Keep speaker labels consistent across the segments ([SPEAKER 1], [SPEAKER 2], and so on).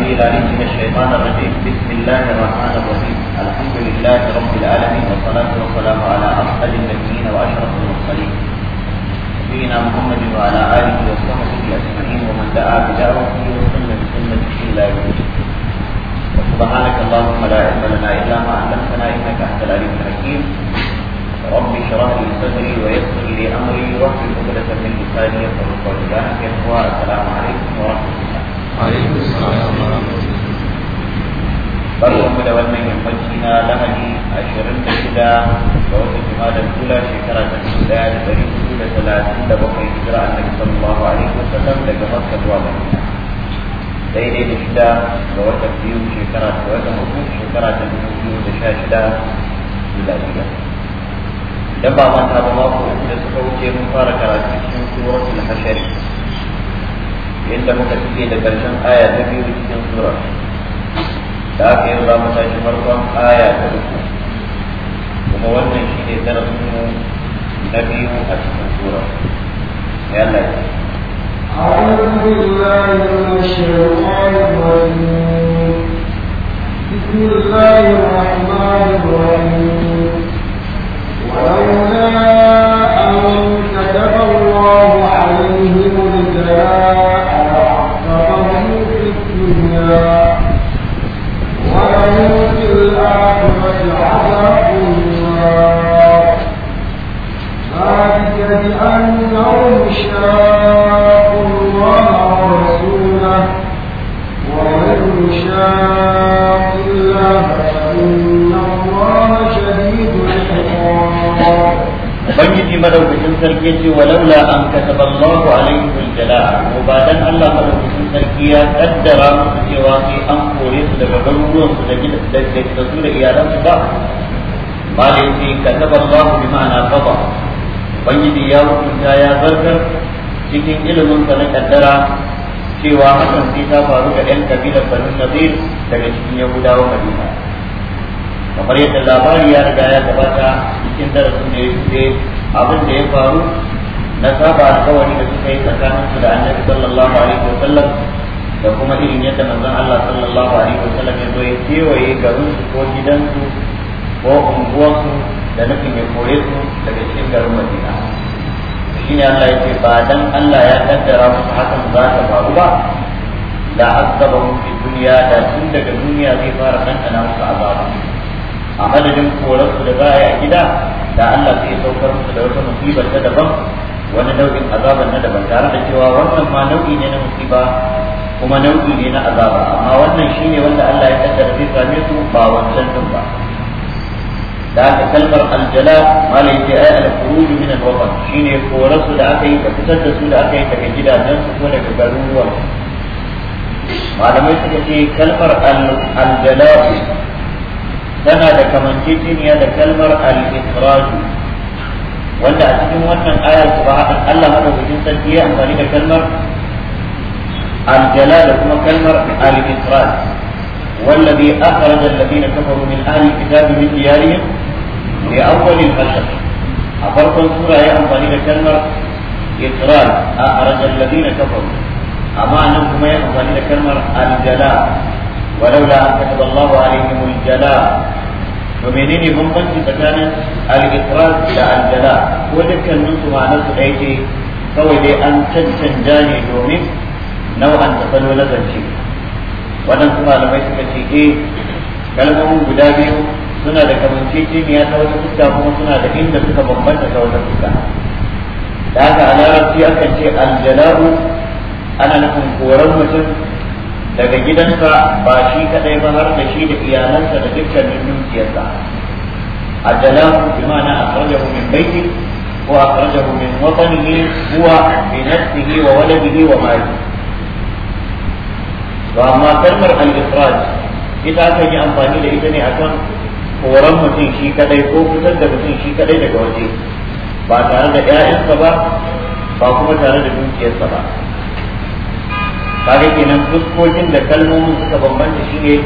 [SPEAKER 1] الشيطان الرجيم بسم الله الرحمن الرحيم الحمد لله رب العالمين والصلاة والسلام على أفضل النبيين وأشرف المرسلين نبينا محمد وعلى آله وصحبه أجمعين ومن دعا بدعوته وسن بسنته إلى يوم الدين
[SPEAKER 2] سبحانك اللهم لا علم لنا إلا ما علمتنا إنك أنت
[SPEAKER 1] العليم الحكيم رب اشرح لي صدري ويسر لي أمري واحلل عقدة من لساني يفقهوا قولي السلام عليكم ورحمة الله mu da wannan yammaci na lahadi ashirin da shida ga watan jimadar kula shekara ta dubu daya da dari hudu da talatin da bakwai hijira annabi sallallahu alaihi wasallam daga makka zuwa madina daidai da shida ga wata biyu shekara ta watan hudu shekara ta dubu biyu da sha shida miladiya
[SPEAKER 2] idan ba manta ba
[SPEAKER 1] mako da suka wuce mun fara karatu cikin suratul hashari inda muka cike da karshen aya ta biyu cikin sura da aka yi za mu tashi farkon aya ta uku kuma wannan shi ne darasinmu na biyu a cikin sura ya lafi أعوذ بالله من الشيطان
[SPEAKER 3] الرجيم بسم الله الرحمن الرحيم ولولا أن كتب الله الأولى ولهم في الآخرة عذاب ذلك بأنهم شاقوا الله ورسوله ومن يشاق الله فإن الله شديد العقاب
[SPEAKER 1] بنجي مدوكتين سركيتي ولولا أن كتب الله عليكم ibtila ko ba dan Allah madaukakin sarki ya kaddara musu cewa sai an kore su daga garuruwan su da da su da iyalan su ba ba da yake Allah bi ma'ana qada ubangiji ya hukunta ya zartar cikin ilimin sa na kaddara cewa hakan sai ta faru ga ɗan kabilar Bani Nadir daga cikin Yahudawa Madina kamar yadda labari ya riga ya gabata cikin darasin da ya abin da ya faru na saba alkawari da suka yi tsakaninsu da annabi sallallahu alaihi wa sallam da kuma irin yadda manzon Allah sallallahu alaihi wa sallam ya zo ya kewaye garinsu ko gidansu ko unguwarsu da nufin ya kore su daga cikin garin Madina shine Allah ya ce ba dan Allah ya kaddara musu hakan za ta faru ba da azabahum fi duniya da tun daga duniya zai fara kankana musu azaba a madadin korar su da za a yi a gida da Allah zai saukar musu da wata musibar ta daban wani nau'in azaban na daban tare da cewa wannan ma nau'i ne na musiba kuma nau'i ne na azaba amma wannan shi ne wanda Allah ya kaddara zai same su ba wancan din ba da aka kalmar aljala malai ce ai al-khuruj min al ne shine korarsu da aka yi ka fitar da su da aka yi daga gidajen su ko daga garuruwan malamai suka ce kalmar aljala tana da kamanceceniya da kalmar al wanda a cikin wannan ayar subhanahu Allah madaukakin sarki ya amfani da kalmar al-jalal da kuma kalmar al-ifrat والذي أخرج الذين كفروا من أهل الكتاب من ديارهم لأول الحشر أفرق سورة يا أمطاني كلمة إخراج أخرج الذين كفروا أما أنكم يا أمطاني كلمة الجلاء ولولا أن كتب الله عليهم الجلاء to menene bambanci tsakanin al ikrar da al-jala ko dukkanin su ma'anar su ɗaya ce kawai dai an cancanta ne domin nau'an da falo na zance waɗansu malamai suka ce eh kalmomin guda biyu suna da kamanceceniya ta wata fuska kuma suna da inda suka bambanta ta wata fuska da haka a larabci akan ce al-jala'u ana nufin koran mutum daga gidansa ba shi kadai ba har da shi da iyalansa da dukkanin dukiyarsa addalahu bi ma'ana akhrajahu min baiti wa akhrajahu min watanihi huwa bi nafsihi wa waladihi wa mali wa amma kalmar al-ikhraj ita aka yi amfani da ita ne akan koran mutum shi kadai ko kusan da mutum shi kadai daga waje ba tare da 'ya'yansa ba ba kuma tare da dukiyarsa ba kaga kenan fuskokin da kalmomin suka bambanta shine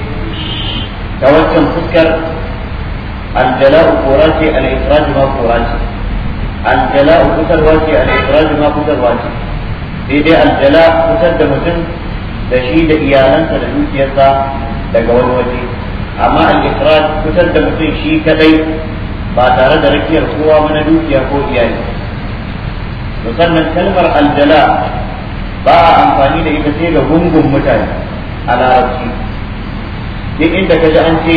[SPEAKER 1] ta waccan fuskar aljala'u kora ce al-ifraj ma kora ce aljala'u kutarwa ce al-ifraj ma kutarwa ce sai dai aljala kutar da mutum da shi da iyalansa da dukiyarsa daga wani waje amma al-ifraj kutar da mutum shi kadai ba tare da rakiyar kowa mana dukiya ko iyali to kalmar aljala ba a amfani da ita sai ga gungun mutane a larabci duk inda ka ji an ce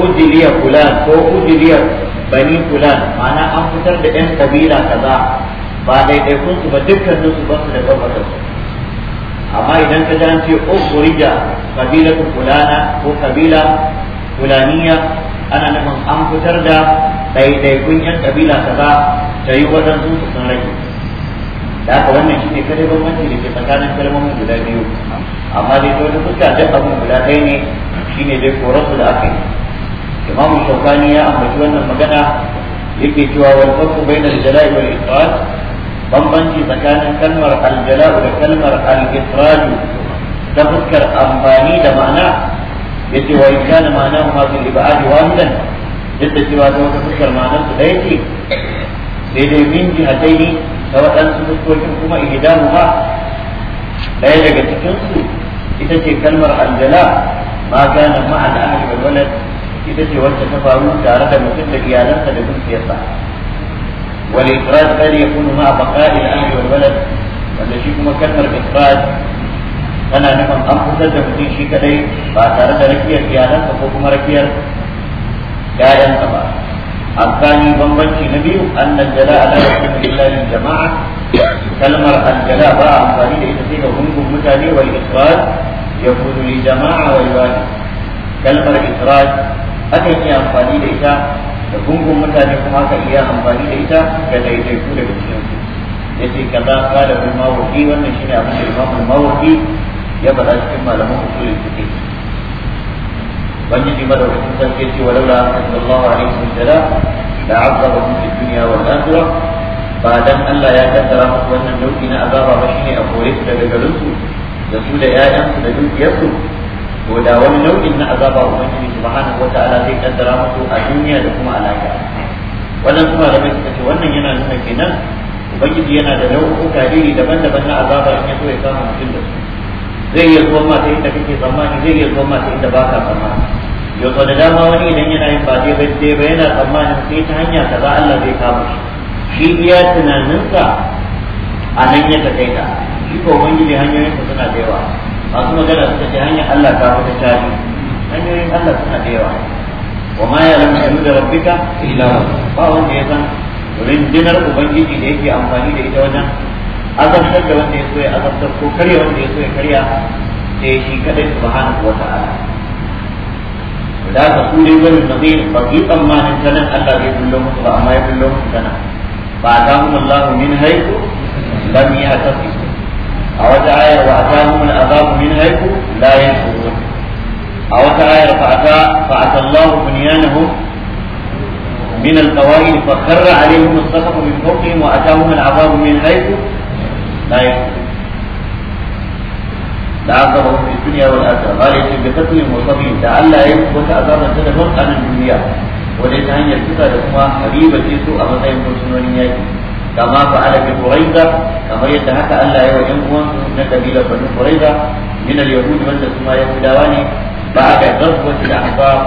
[SPEAKER 1] ujiliya fulan ko ujiliya bani fulan ma'ana an fitar da yan kabila kaza ba kun su ba dukkanin su ba su da ɗaukakar amma idan ka ji an ce ukhrija kabilatu fulana ko kabila fulaniya ana nufin an fitar da ɗaiɗaikun yan kabila kaza ta yi waɗansu su sun rage da haka wannan shi ne kare bambanci da ke tsakanin kalmomin guda biyu amma dai ta wata fuska duk abin guda ɗaya ne shi ne dai korarsu da aka yi imamu shaukani ya ambaci wannan magana yake cewa wal farqu bayna al jala'i wal ifrad bambanci tsakanin kalmar al da kalmar al ifrad ta fuskar amfani da ma'ana ya ce wa in ma'ana ma'anahu ma bil ibad wahidan yadda cewa ta wata fuskar ma'anar su da yake daidai min jihataini ta waɗansu fuskokin kuma ihdamu ha ɗaya daga cikinsu ita ce kalmar aljala ma kana ma'al ahli wal walad ita ce wacce ta faru tare da mutum da iyalansa da wani wal ifrad ya yakunu ma baqa'i al ahli wal walad wanda shi kuma kalmar ifrad tana nufin an fitar da mutum shi kadai ba tare da rakiyar iyalansa ko kuma rakiyar ƴaƴansa ba الثاني بمبنشي نبي أن الجلاء لا يكون إلا للجماعة كلمة الجلاء باء أمفاني لإذا فيها هم متاني والإخراج يكون للجماعة والواجب كلمة الإخراج أكي هي أمفاني لإذا gungun mutane kuma ka iya amfani da ita ga daidaitu daga cikin su ya ce kaza kada bil mawuki wannan shine abin da imam al mawuki ya faɗa cikin malaman usulul fiqh ubangiji madaukakin sarki ce wa laula sallallahu alaihi wasallam la azabahum fid dunya wal akhirah ba dan Allah ya kaddara musu wannan nau'i na azaba ba shine a kore su daga garin su da su da ƴaƴansu da dukiyarsu to da wani nau'in na azaba ubangiji subhanahu wataala zai kaddara musu a duniya da kuma alaka wannan kuma da suka ce wannan yana nuna kenan ubangiji yana da nau'uka iri daban-daban na azaba in ya so ya kama mutum da su zai iya zuwa masu inda kake tsammani zai iya zuwa masu inda ba ka tsammani yau da dama wani idan yana yin ba daidai dai ba yana tsammani sai ta hanya kaza Allah zai kama shi shi iya tunaninsa a nan ya kai ka shi ko hanyoyin hanyoyinsa suna da yawa masu magana suka ce hanyar Allah ta fi ta tashi hanyoyin Allah suna da yawa wa ma ya lamu ya da rabbika illa ba wanda ya san rundunar ubangiji da yake amfani da ita wajen azabtar da wanda ya so ya azabtar ko karya wanda ya so ya karya sai shi kadai subhanahu wa ta'ala da ka su dai wani nazir ba su yi tsammanin ta nan Allah zai bullo musu ba amma ya bullo musu ta nan ba a samu Allah min haiku lam yi haka a wata ayar ba a samu al'azabu min haiku la yansurun a wata ayar fa ata Allah bunyanahum من القوائل فخر عليهم السقف من فوقهم واتاهم العذاب min حيث لا يكفر لعذبهم في الدنيا والآخرة قال يجب بقتل المصابين لئلا يثبت عذابا تدفق عن الدنيا وليس أن يلتقى لهما حبيبة يسوع أمتى يكون سنونيات كما فعل في قريظة كما يتحكى ألا يوجنهم من قبيلة بنو قريظة من اليهود من تسمى يهوداواني بعد غزوة الأحزاب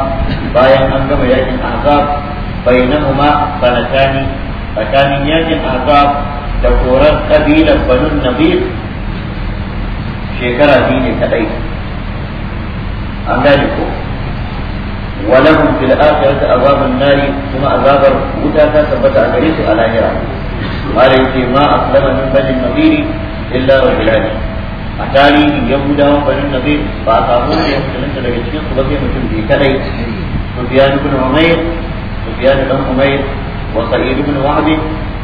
[SPEAKER 1] bayan an gama yakin ahzab bainahuma sanatani tsakanin yakin ahzab da koran ƙabilar banin nabil shekara biyu ne kaɗai an gane ko walahun fil akhirati ta azabun nari kuma azabar wuta ta tabbata a gare su a lahira mala yake ma a kalama min banin nabil illa wa bilani a ya yahudawan banin nabil ba a samu ne ya da daga cikin su ba zai mutum bai kaɗai su biya ni kuna mamayar su biya ni dan mamayar wa sa'idu kuna wa'abi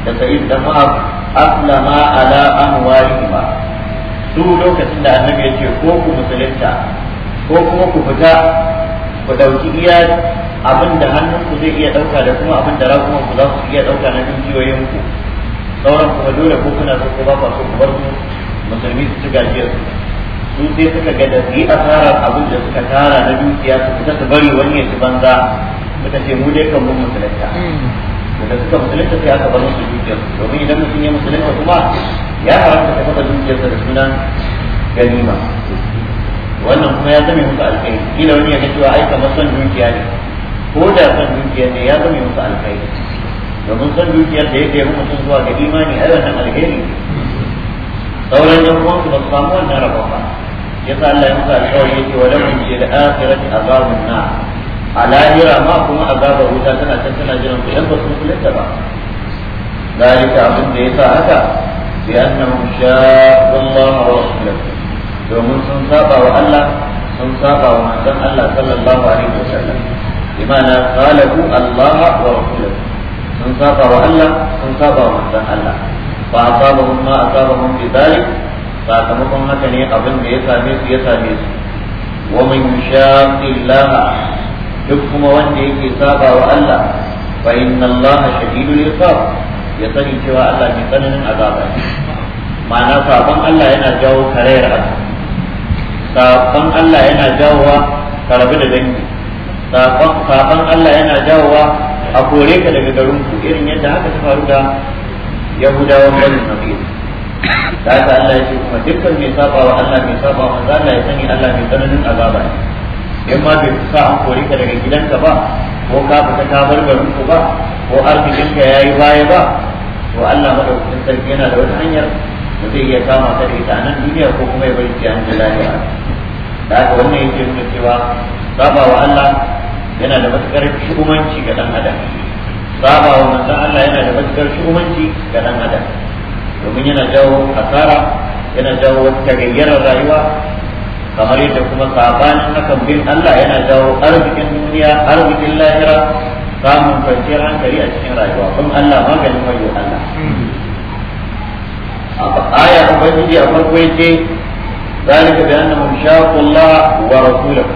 [SPEAKER 1] da sa'idu dan wa'abi aslama ala amwalihima su lokacin da annabi ya ce ko ku musulunta ko kuma ku fita ku ɗauki iya abin da hannunku zai iya ɗauka da kuma abin da ku za su iya ɗauka na ku sauran kuma dole ko kuna so ku ba ku ku bar su musulmi su ci gajiyar su sai suka ga da yi asarar abin da suka tara na dukiya su fita su bari wani ya ci banza suka ce mu dai kan mu musulunta hmm. da suka musulunta sai aka bar musu dukiyar domin idan mutum ya musulunta kuma ya haramta ta kafa dukiyarsa da sunan ganima wannan kuma ya zame musu alkhairi kila wani ya ga cewa ai kamar son dukiya ne ko da son dukiya ne ya zame musu alkhairi domin son dukiyar da ya kai mutum zuwa ga imani ai wannan alkhairi sauran yan uwansu ba su samu wannan rabon ba yasa Allah ya musu alkawari yake wa lahum fil akhirati azabun nar a lahira ma kuma a azabar wuta tana can tana jiran ku yan ba su musulunta ba
[SPEAKER 2] ذلك abin da ya sa haka
[SPEAKER 1] بأنهم شاقوا الله ورسوله domin sun saba wa Allah sun saba wa manzon Allah sallallahu alaihi wasallam bimana qalu Allah wa rasulahu sun saba wa Allah sun saba wa manzon Allah fa asabahum ma asabahum bi dhalik sakamakon haka ne abin da ya same su ya same su wa man yushaqi Allah duk kuma wanda yake saba wa Allah fa inna Allah shadidul iqab ya sani cewa Allah mai tsananin azaba ne ma'ana saban Allah yana jawo karayar azaba saban Allah yana jawowa karabi da dangi saban Allah yana jawowa a kore ka daga garin ku irin yadda haka ta faru da yahudawa bani nabiya da Allah ya ce kuma dukkan mai saba wa Allah mai saba wa Allah ya sani Allah mai tsananin azaba ne in ma bai sa kori ka daga gidanka ba ko ka fita ta bar garin ku ba ko arzikin ka yayi baya ba to Allah madaukakin sarki yana da wata hanyar da zai iya kama ka da ita a nan duniya ko kuma ya bari an hanyar lafiya da haka wannan yake nuna cewa saba wa Allah yana da matukar shugumanci ga dan adam saba wa manzon Allah yana da matukar shugumanci ga dan adam domin yana jawo asara yana jawo wata gayyarar rayuwa kamar yadda kuma sabanin hakan bin Allah yana jawo arzikin duniya arzikin lahira samun kwanciyar hankali a cikin rayuwa kun Allah maganin wayo Allah a aya ubangiji a farko yace zalika bi annahum shaqu Allah wa rasulahu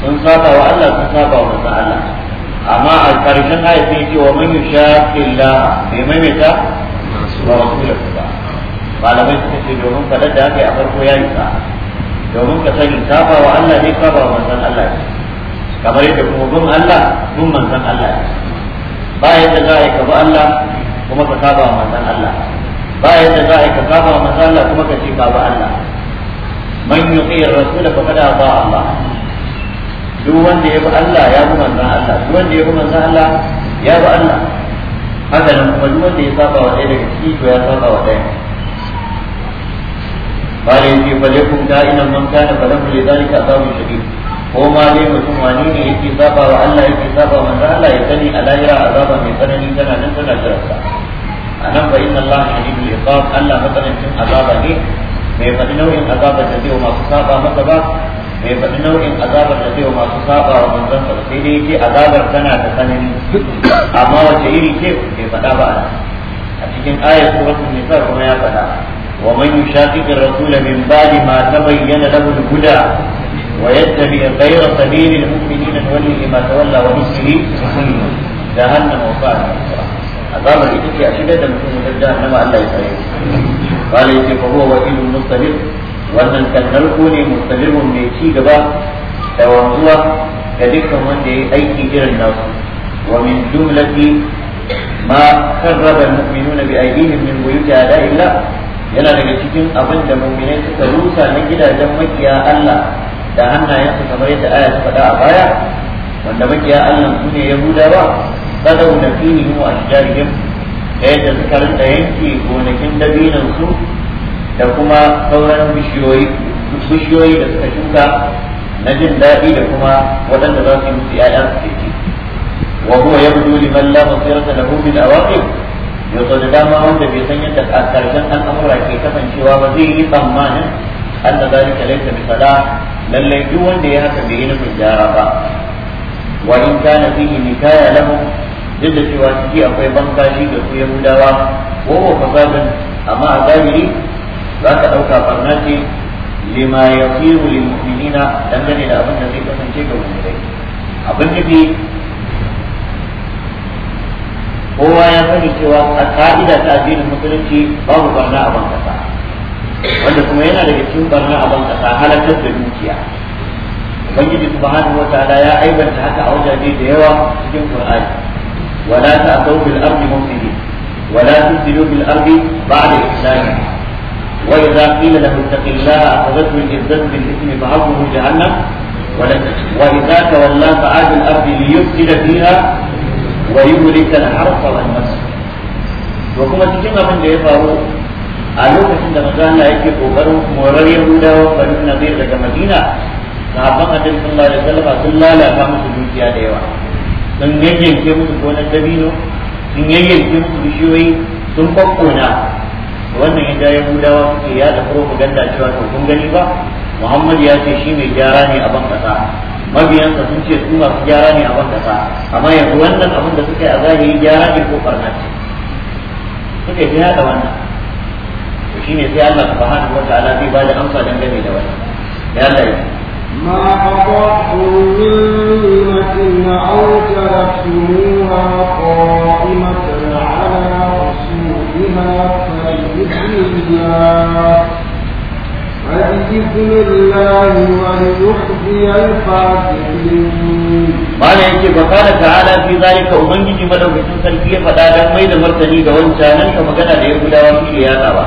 [SPEAKER 1] sun saba wa Allah sun saba wa manzon Allah amma a karshen ayat sai wa man yushaqi Allah bai maimaita wa rasulahu malamai suka ce domin faɗar da aka yi a farko ya yi sa'a domin ka sani saba wa Allah ne saba wa manzon Allah ne kamar yadda kuma bin Allah bin manzon Allah ne ba yadda za a yi ka ba Allah kuma ka saba wa manzon Allah ba yadda za a yi ka saba wa manzon Allah kuma ka ce ka ba Allah man yuqi rasu da fa da ba Allah duk wanda ya bi Allah ya bi manzon Allah duk wanda ya bi manzon Allah ya bi Allah haka nan kuma duk wanda ya saba wa ɗaya daga ciki to ya saba wa ɗaya قال يجي فليكن دائما من كان فله لذلك عذاب شديد ko ma dai mutum wani ne yake saba wa Allah yake saba wa manzo Allah ya sani a lahira azaba mai tsanani tana nan tana jiransa anan fa inna Allah shadidul Allah matsanancin azaba ne mai faɗi azabar da zai wa masu saba masa ba mai faɗi azabar da zai wa masu saba wa manzon sa sai dai yake azabar tana da amma iri ce bai faɗa ba a cikin ayat suratul nisa kuma ya faɗa ومن يشاقق الرسول من بعد ما تبين له الهدى ويتبع غير سبيل المؤمنين نوليه ما تولى ونصره جهنم وساءت عذاب الاتيك اشد من جهنم الا يسعيه قال يتي فهو وكيل مستمر وان تنركو لي مستمر من شي غبا توانوا كذلك من دي اي كيجر الناس ومن جملة ما خرب المؤمنون بأيديهم من بيوت أعداء الله yana daga cikin abin da mummune suka rusa na gidajen makiya Allah da hannayensu kamar yadda aya ta faɗa a baya wanda makiya Allah su ne ba, Yahudawa sadau fini mu a ashjarihim da yadda suka rinda yanke gonakin dabinan su da kuma sauran bishiyoyi bishiyoyi da suka shuka na jin daɗi da kuma waɗanda za su yi musu 'ya'ya su ce wa huwa yabdu liman la basirata lahu min awaqib yau da dama wanda bai san yadda karshen al'amura ke kasancewa ba zai yi tsammanin da zalika ka laifin sada lallai duk wanda ya haka bai yi nufin gyara ba wa in fi yi nikaya lamu duk da cewa ciki akwai bankashi da su yahudawa ko ko fasadin amma a zahiri za ka ɗauka farna ce lima ya firu mu'minina dangane da abin da zai kasance ga rai abin nufi kowa ya sani cewa a ka'ida ta addinin musulunci babu barna a bankasa wanda kuma yana daga cikin barna a bankasa halakar da dukiya ubangiji subhanahu wataala ya aibanta haka a wajaje da yawa cikin qur'ani wala ta ta'thaw bil ardi mufsidin wala tusilu bil ardi ba'da islamiha وإذا قيل له اتق الله أخذته العزة بالإثم فعظمه جهنم وإذا تولى فعاد الأرض ليفسد فيها wa yuhlik al-harf harfa nasl to kuma cikin abin da ya faru a lokacin da mazana yake kokarin morar Yahudawa bari Nadir daga Madina sahabban Annabi sallallahu alaihi wasallam sun lalata musu dukiya da yawa sun yayyanke musu gonar dabino sun yayyanke musu bishiyoyi sun kwakkona wannan ya ja Yahudawa suke yada propaganda cewa to kun gani ba Muhammad ya ce shi mai gyara ne a ban kasa mabiyansa sun ce su masu gyara ne a wanda sa amma yanzu wannan abin da suka yi a zahiri gyara ne ko barna ce suka yi da wannan to shine sai Allah subhanahu wa ta'ala zai ba da amsa dangane da wannan ya Allah ya
[SPEAKER 3] ما قطعتم من نعمة أو تركتموها قائمة على أصولها فبإذن الله فبإذن yake ba da
[SPEAKER 1] الفاسقين Mala ya ce fi zalika ubangiji madaukakin sarki ya faɗa don mai da martani ga wancan nan ka magana da ya gudawa shi da yatsa ba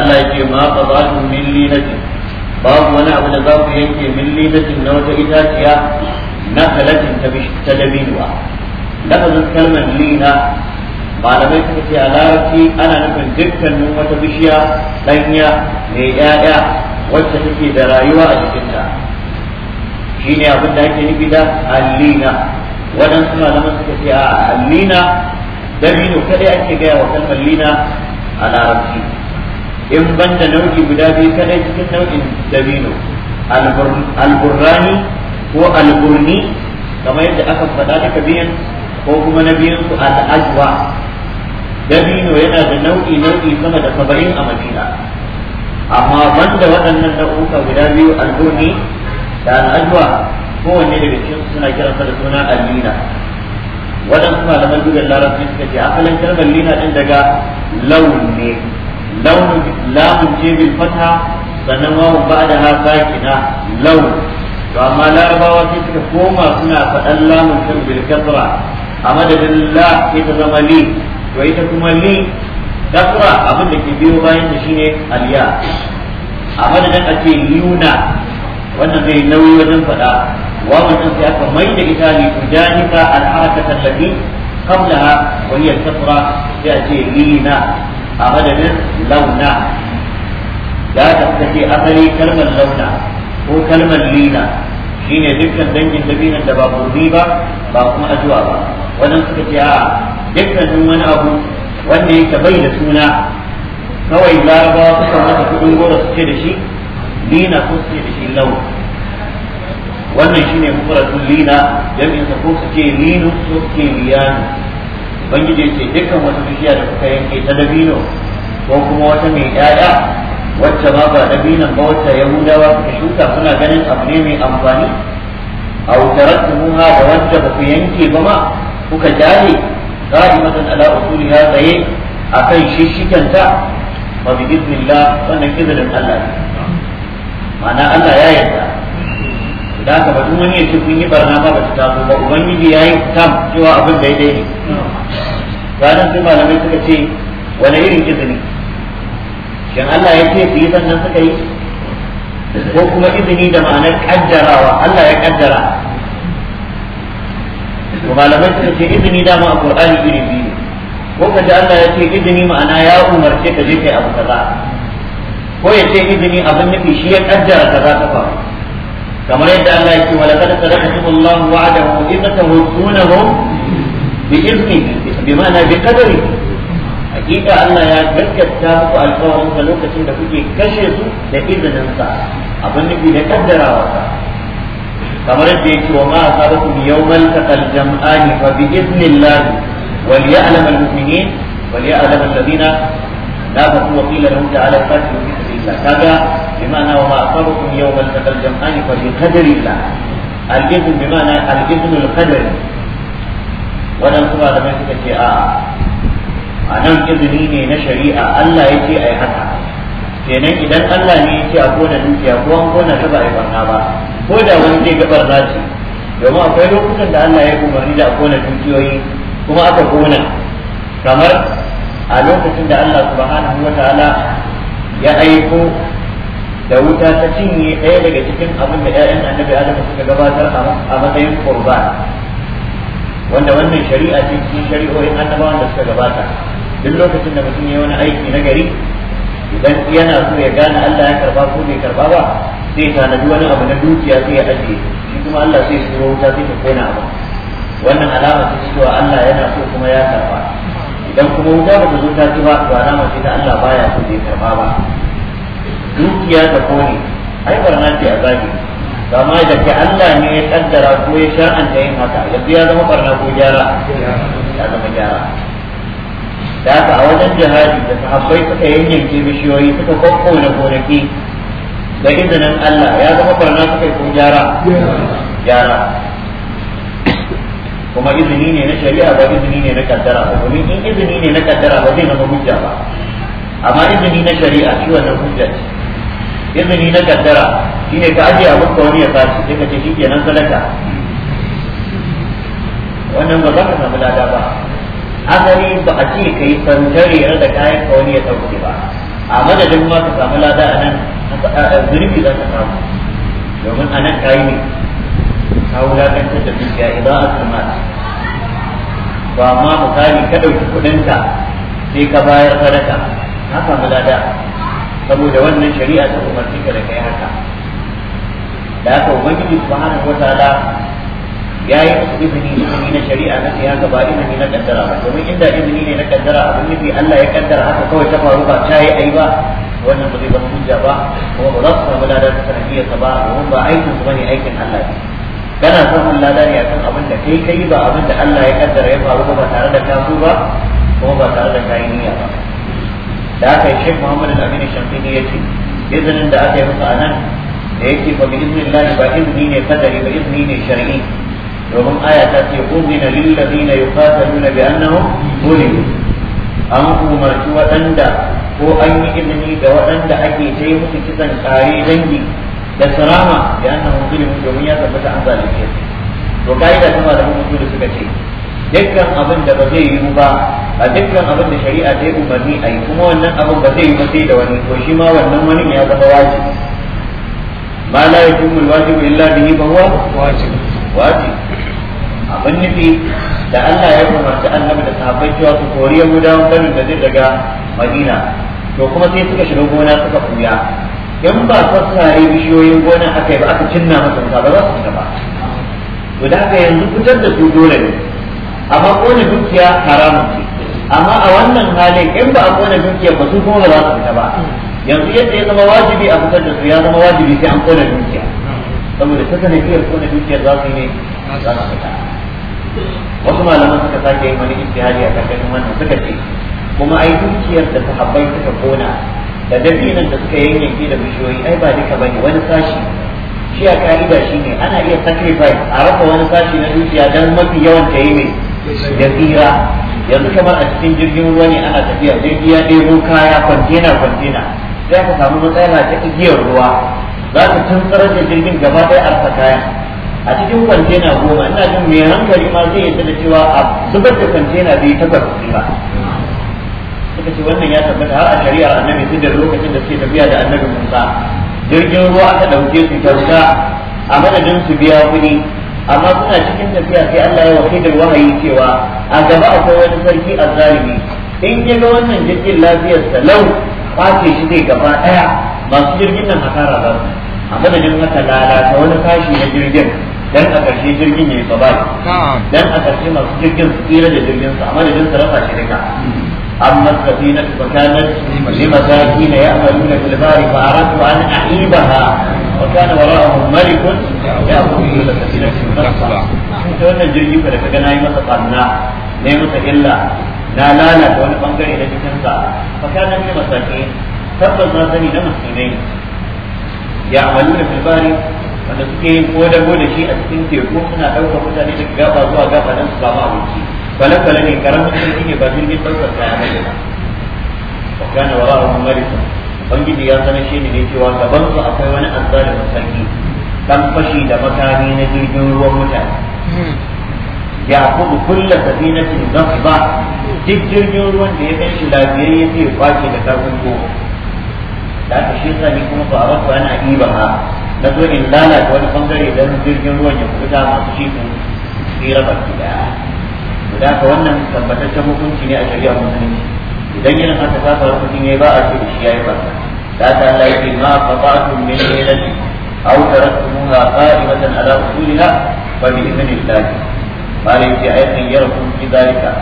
[SPEAKER 1] Allah ya ce ma na min ba babu wani abu da za ku yanke na linatin na wata itaciya na halatin ta dabinuwa lafazin kalmar lina malamai suka ce a larabci ana nufin dukkanin wata bishiya ɗanya mai yaya wacce take da rayuwa a jikinta shine abin da ake nufi da allina waɗansu malamai suka ce a allina dabino kadai ake gaya wa kalmar lina a larabci in banda nau'i guda biyu kadai cikin nau'in dabino alburrani ko alburni kamar yadda aka faɗa duka biyan ko kuma na biyan su al-ajwa dabino yana da nau'i nau'i sama da saba'in a madina amma banda waɗannan nau'uka guda biyu al-burni da al kowanne daga cikin suna kiransa da suna al'ina. lina waɗansu malaman dugan larabci suka ce asalin kalmar lina ɗin daga laun ne laun lamun ce fata sannan wawun ba da ha sakina laun to amma larabawa sai suka koma suna faɗan lamun kan bil kasra a madadin la ita zama li to ita kuma li kasra abin da ke biyo bayan ta shine aliya a madadin a ce yuna wannan zai nauyi wajen faɗa wawan ɗin sai aka mai da ita li tujanika al-harakata allati qablaha wa hiya sai a ce lina a madadin launa da aka asali kalmar launa ko kalmar lina shine dukkan dangin dabinan da ba burbi ba ba kuma ajuwa ba wannan suka ce a dukkanin wani abu wanda yake bai da suna kawai larabawa suka masa kudin goro su ce da shi lina ko su ce da shi lau wannan shine mufaratun lina jami'in sa ko su ce linu ko su ce liyanu bangiji ce dukkan wata bishiya da kuka yanke ta dabino ko kuma wata mai ƴaƴa wacce ma ba dabinan ba wacce yahudawa suka shuka suna ganin abu ne mai amfani a wutarar da wanda ba ku yanke ba ma kuka jani qa'imatan ala usuliha tsaye akan shishikanta fa bi idnillah wannan izinin Allah ma'ana Allah ya yarda da haka ba duk wani ya ce kun yi barna ma ba ta taso ba ubangiji ya yi tam cewa abin daidai ne ranar sai malamai suka ce wani irin izini shin Allah ya ce su yi sannan suka yi ko kuma izini da ma'anar kaddarawa Allah ya kaddara to malamai suka ce izini dama a qur'ani iri biyu ko ka ji Allah ya ce izini ma'ana ya umarce ka je kai abu kaza ko ya ce izini abin nufi shi ya kaddara kaza ta faru kamar yadda Allah ya ce wa laqad sadaqakumullahu wa'adahu idh tahudunahum bi izni bi ma'ana bi qadari hakika Allah ya gaskata muku alƙawarin lokacin da kuke kashe su da izinin sa abin nufi da kaddarawa sa kamar yadda yake wa ma asabakum yawmal taqal jam'ani fa bi idnillah wal ya'lam al mu'minin wal ya'lam alladhina nafaqu wa qila lahum ta'ala fatu fi sabilillah kaga bima'ana wa ma asabakum yawmal taqal jam'ani fa bi qadrillah al ithmu bima'ana al ithmu al qadr wannan kuma da mai suka ce a a nan izini ne na shari'a Allah ya ai haka kenan idan Allah ne ya ce a kona dukiya ko an kona ta ba ai barna ba ko da wani zai gabar zaci domin akwai lokutan da Allah ya umarni da a kona dukiyoyi kuma aka kona kamar a lokacin da Allah subhanahu wa ta'ala ya aiko da wuta ta cinye ɗaya daga cikin abin da 'ya'yan annabi Adam suka gabatar a matsayin qurban wanda wannan shari'a ce cikin shari'o'in annabawan da suka gabata duk lokacin da mutum ya wani aiki na gari idan yana so ya gane Allah ya karba ko bai karba ba sai ta tanadi wani abu na dukiya sai ya ajiye shi kuma Allah sai su wuta sai ta kona ba, wannan alama ce cewa Allah yana so kuma ya karba idan kuma wuta ba ta zo ta ci ba to alama ce ta Allah baya so ya karba ba dukiya ta kone ai barna ce a zagi kama da ke Allah ne ya kaddara ko ya shar'anta yin haka yanzu ya zama barna ko gyara ya zama gyara da haka a wajen jihadi da sahabbai suka yanyanke bishiyoyi suka kokko na gonaki da izinin Allah ya zama barna suka yi kun gyara gyara kuma izini ne na shari'a ba izini ne na kaddara ba domin in izini ne na kaddara ba zai zama hujja ba amma izini na shari'a shi wannan hujja ce izini na kaddara shine ka ajiye abin ka wani ya sace sai ka ce shi kenan sadaka wannan ba za ka samu lada ba asali ba a ce ka yi santare da kayan ka wani ya sauke ba a madadin ma ka samu lada a nan zurfi za ka samu domin a nan kayi ne ka wulakantar da dukiya idan a sama to amma misali ka ɗauki kuɗinka sai ka bayar sadaka ka samu lada saboda wannan shari'a ta umarci ka da kai haka da haka ubangiji subhanahu wataala ya yi izini izini na shari'a na siyasa ba izini na kaddara ba domin inda izini ne na kaddara abin nufi Allah ya kaddara haka kawai ta faru ba ta yi ai ba wannan ba zai zama hujja ba kuma ba za su samu ladar sanadiyarsa ba domin ba aikin su bane aikin Allah ne kana samun lada ne akan abin da kai kai ba abin da Allah ya kaddara ya faru ba tare da kasu ba kuma ba tare da kayan niyya ba da aka yi Sheikh Muhammad Al-Amin Shamfini ya ce izinin da aka yi masa anan da yake ba bi iznillahi ba izini ne kadari ba izini ne shar'i domin aya ta ce uzina lil ladina yuqataluna bi annahum zulimu an umarci waɗanda ko an yi izini ga waɗanda ake ta musu kisan kare dangi da sarama da annahum zulimu domin ya tabbata an zalunce su to kaida ta da mutu da suka ce dukkan abin da ba zai yi ba a dukkan abin da shari'a ta yi umarni a yi kuma wannan abin ba zai yi ba sai da wani ko shi ma wannan wani ya zama wajibi ma la yakunu alwajibu illa bihi fa huwa wajib wajibi abin nufi da Allah ya umarci annabi da sahabbai cewa su kori yahudawan banin da zai daga madina to kuma sai suka shiga gona suka kuya in ba sassare bishiyoyin gona aka yi ba aka cinna masa ba za su ba to da haka yanzu fitar da su dole ne amma kone dukiya haramun ce amma a wannan halin in ba a kone dukiya ba su kuma ba za su fita ba yanzu yadda ya zama wajibi a fitar da su ya zama wajibi sai an kone dukiya saboda ta sanadiyar ko da dukiyar za su yi ne, za su fita wasu malaman suka sake yi wani istihari a karkashin wannan suka ce kuma ai dukiyar da sahabbai suka kona da dabinan da suka yanyanke da bishiyoyi ai ba duka bane wani sashi shi a ka'ida shi ne ana iya sacrifice a rasa wani sashi na dukiya don mafi yawan ta yi ne da tsira yanzu kamar a cikin jirgin ruwa ne ana tafiya Zai iya ɗebo kaya kwantena kwantena sai ka samu matsala ta igiyar ruwa za ka tantsar da jirgin gaba ɗaya arfa kaya a cikin kwantena goma ina jin mai hankali ma zai yi da cewa a zubar da kwantena bai takwas ba suka ce wannan ya tabbata har a shari'ar annabi su da lokacin da suke tafiya da annabi Musa jirgin ruwa aka ɗauke su kyauta a madadin su biya kuɗi amma suna cikin tafiya sai Allah ya wakai da wahayi cewa a gaba akwai wani sarki a azzalimi in ya ga wannan jirgin lafiyarsa lau kwace shi zai gaba ɗaya masu jirgin nan hasara za su a madadin haka lalata wani kashi na jirgin dan a karshe jirgin ya yi tsabai dan a karshe masu jirgin su tsira da jirgin su a madadin su rasa shi daga أما السفينة فكانت لمساكين يأملون في البحر فأردت أن أعيبها وكان وراءهم ملك يأخذ كل سفينة نصفا تولى الجري فلك masa أي مسقنا نعمة إلا لا لا لا وأنا بنقل إلى جسمك فكان من المساكين tabbas na sani na musulmai ya amalu da filbari wanda suke yin koda da shi a cikin teku suna ɗaukar mutane daga gaba zuwa gaba don su samu abinci kwale-kwale ne karamin sarki ne ba jirgin ɗaukar kaya da ba wa kana wa marisa. malikun ubangiji ya sanar shi ne cewa gaban su akwai wani da masarki dan fashi da makami na jirgin ruwan mutane Ya kulla يعقوب jirgin ruwan da ya kai shi lafiyayye ya بيري da kafin لكاركم da aka shi yasa ni kuma ba wato ana iba ha na zo in lalata wani bangare don jirgin ruwan ya kuta masu shi sun tsira ba su da ka wannan tabbataccen hukunci ne a shari'a musulunci idan irin haka ta faru mutum ya ba a ce da shi ya yi ba da haka Allah ya ce ma fata'atun min lailati aw taraktumuha qa'imatan ala usuliha ba bi idhnillah malai ce ayatan yarakum fi zalika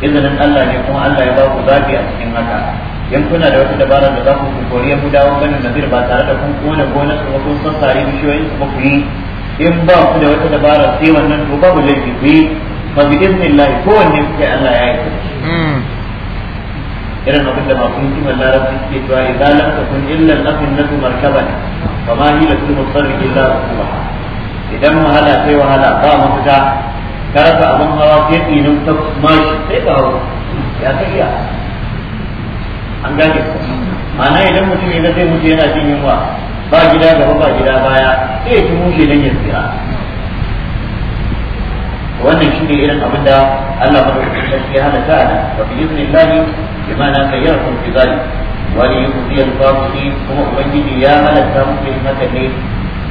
[SPEAKER 1] izinin Allah ne kuma Allah ya ba ku zafi a cikin haka yan kuna da wata dabara da za ku kori yahudawan ganin nazir ba tare da kun kona gonar su kun sassare bishiyoyin su ku yi in ba ku da wata dabara sai wannan to babu laifi ku yi fa bi idnillahi ko wanne kuke Allah ya yi hmm. irin abin da masu kimar larabci suke cewa idza lam takun illa al-afin natu markaban fa ma hiya lil musarri illa huwa idan wahala sai wahala ba mafita ka rasa abin hawa ke tsinin ta mashi sai ka hawo ya kai ya an gane ku ma'ana idan mutum yana zai mutu yana jin yunwa ba gida gaba ba gida baya sai ya ci mushe dan ya tsira wannan shi ne irin abin da Allah ba ya hana ta ana wa bi iznillahi bimana kayyarakum fi zalik wani yuzi al-fasiki kuma ubangiji ya halatta mutu yin haka ne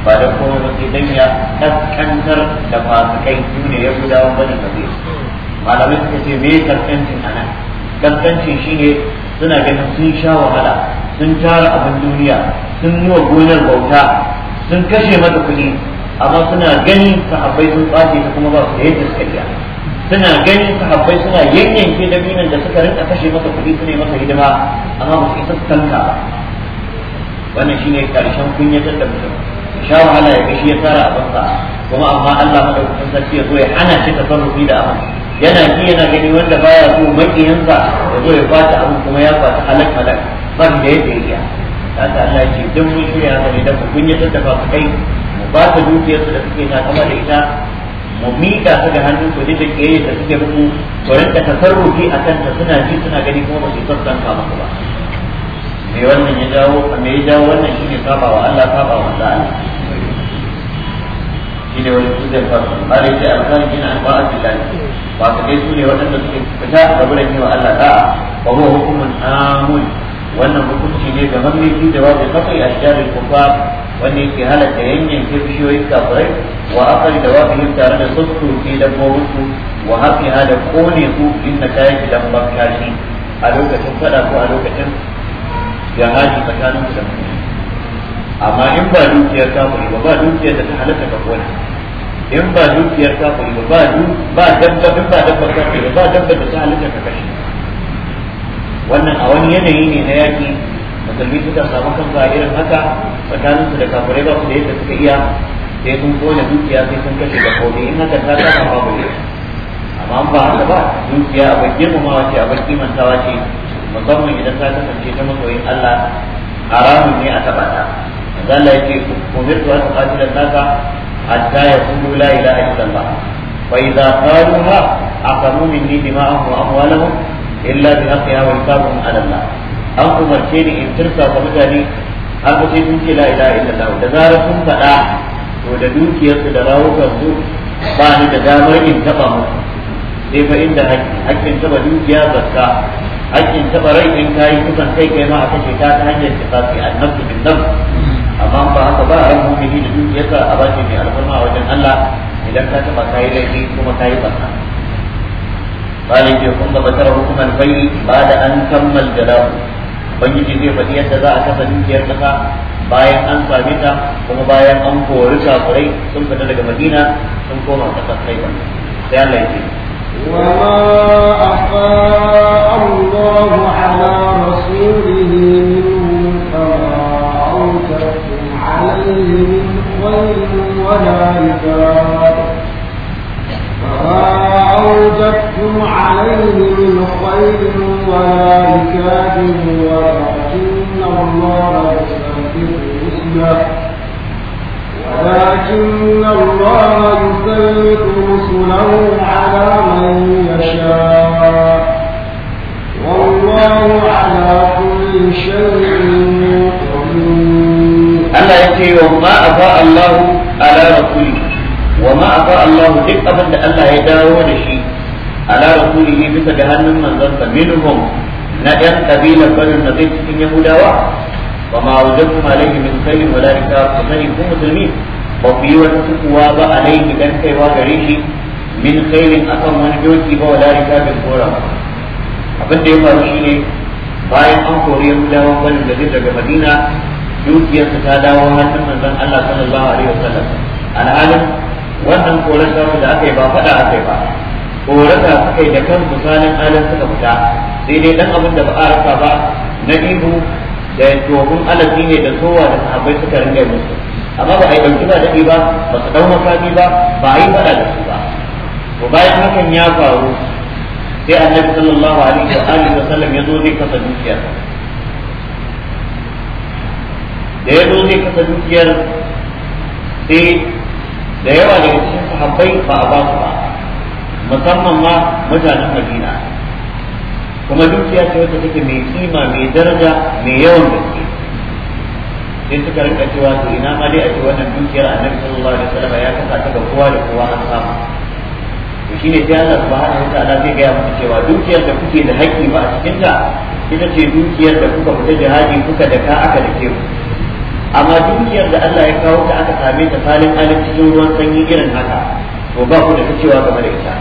[SPEAKER 1] ba da kuma wasu idan ya kaskantar da fasikai su ne ya gudawa bane ba zai malamai suka ce me kaskancin anan shi ne. suna ganin sun sha wahala sun tara abin duniya sun yi wa gonar bauta sun kashe mata kuɗi amma suna ganin sahabbai sun tsace ta kuma ba su da yadda suka iya suna gani sahabbai suna yanyanke da binan da suka rinka kashe masa kuɗi suna yi masa hidima amma ba su isa su tanka ba wannan shine karshen kunyatar da mutum sha wahala ya gashi ya tara abinsa kuma amma Allah madaukakin sarki ya zo ya hana shi tasarrufi da abin yana ji yana gani wanda baya so makiyansa ya zo ya fata abu kuma ya fata halak halak ban da yadda ya haka Allah ce dan mun shirya haka ne dan kun yi tattafa ku kai mu ba ta dukiyar da suke ta kama da ita mu miƙa su da hannun ku da ke da suke muku ku rinka tasarrufi a ta suna ji suna gani kuma ba su tsantsan ka ba me wannan ya dawo me ya dawo wannan shine kabawa Allah saba Allah shi ne wani tutar farko har yake alkhaliki na ba'ati lillahi ba su kai su ne waɗanda suke fita da yi wa Allah da'a wa huwa hukumun wannan hukunci ne ga mamaki da wabu kafai a kufa wanda yake halatta yanyan ke bishiyoyin kafirai wa da yin tare da sassu ke dabbobin su wa haƙi da kone su inda kayan gidan bankashi a lokacin fada ko a lokacin jihadi tsakanin da amma in ba dukiyar kuri ba ba dukiyar da ta halatta ba wani in ba dukiyar kafiri ba ba ba dabba in ba dabba ta kuri ba dabba da ta halatta ka kashe wannan a wani yanayi ne na yaki musulmi suka samu kansa irin haka su da kafirai ba su da yadda suka iya sai sun kone dukiya sai sun kashe da kome in haka ta kama ba ne amma an ba haka ba dukiya a abin girmamawa ce a abin kimantawa ce musamman idan ta kasance ta masoyin Allah haramun ne a taɓa قال لا يجي أمرت أن la الناس حتى يقولوا لا إله إلا الله فإذا قالوها أقموا مني دماءهم وأموالهم إلا بحقها وحسابهم على الله an umarce ni in tursa ga mutane har ba sai sun ce la ilaha da zarar sun faɗa to da dukiyarsu da rawukan su ba ni da damar in taba musu sai fa inda hakkin taba dukiya zakka hakkin taba rai in kayi kusan kai kai ma a kashe ta ta hanyar tafafi annabi bin nan. amma ba haka ba ran yi da dukiyarsa a bashi mai alfarma a wajen Allah idan ka taba yi laifi kuma kai barna malin ke kun ga tara hukumar bai ba da an kammal jalahu ubangiji zai faɗi yadda za a kasa dukiyar kasa bayan an sami ta kuma bayan an kori shafurai sun fita daga madina sun koma ƙasa kai ba sai Allah ya ce وما
[SPEAKER 3] أفاء الله على رسوله فما أوجبتم عليه من خير ولا نكاد ولكن الله يسبح اسمه ولكن الله يسلط رسله على من يشاء والله على كل
[SPEAKER 1] شيء قدير Allah ya ce wa ma afa Allah ala rasuli wa ma afa Allah duk abin da Allah ya dawo da shi ala ne bisa ga hannun manzon sa minhum na yan kabila banu nabi cikin yahudawa wa ma wajadtum alayhi min kai wala la fa kai ku musulmi ba ku yi wata tukuwa ba alaihi dan kaiwa gare shi min khairin akan wani doki ba wala rikabin gora abin da ya faru ne bayan an kori yahudawan da nabi daga madina dukiyarsa ta dawo hannun manzon Allah sallallahu alaihi wasallam alhalin wannan koran da aka yi ba faɗa aka yi ba korata suka yi da kan misalin alin suka fita sai dai dan abin da ba a rasa ba na ihu da tobin alazi ne da sowa da sahabbai suka ringa musu amma ba a yi ɗauki ba daɗi ba ba su ɗau makami ba ba a yi faɗa da su ba to bayan hakan ya faru sai annabi sallallahu alaihi wa alihi sallam ya zo zai kasa dukiyarsa da ya zo zai kasa dukiyar sai da yawa daga cikin sahabbai ba a ba su ba musamman ma mutanen madina kuma dukiya ce wata take mai kima mai daraja mai yawan gaske sai suka rinka cewa to ina ma dai ake wannan dukiyar annabi sallallahu alaihi wasallam ya kasa ta ga kowa da kowa an samu to shine sai Allah subhanahu wataala zai gaya muku cewa dukiyar da kuke da haƙƙi ba a cikin ta ita ce dukiyar da kuka fita jihadi kuka da ka aka da ku amma dukiyar da Allah ya kawo ta aka same ta falin alif cikin ruwan sanyi irin haka to ba ku da cewa game da ita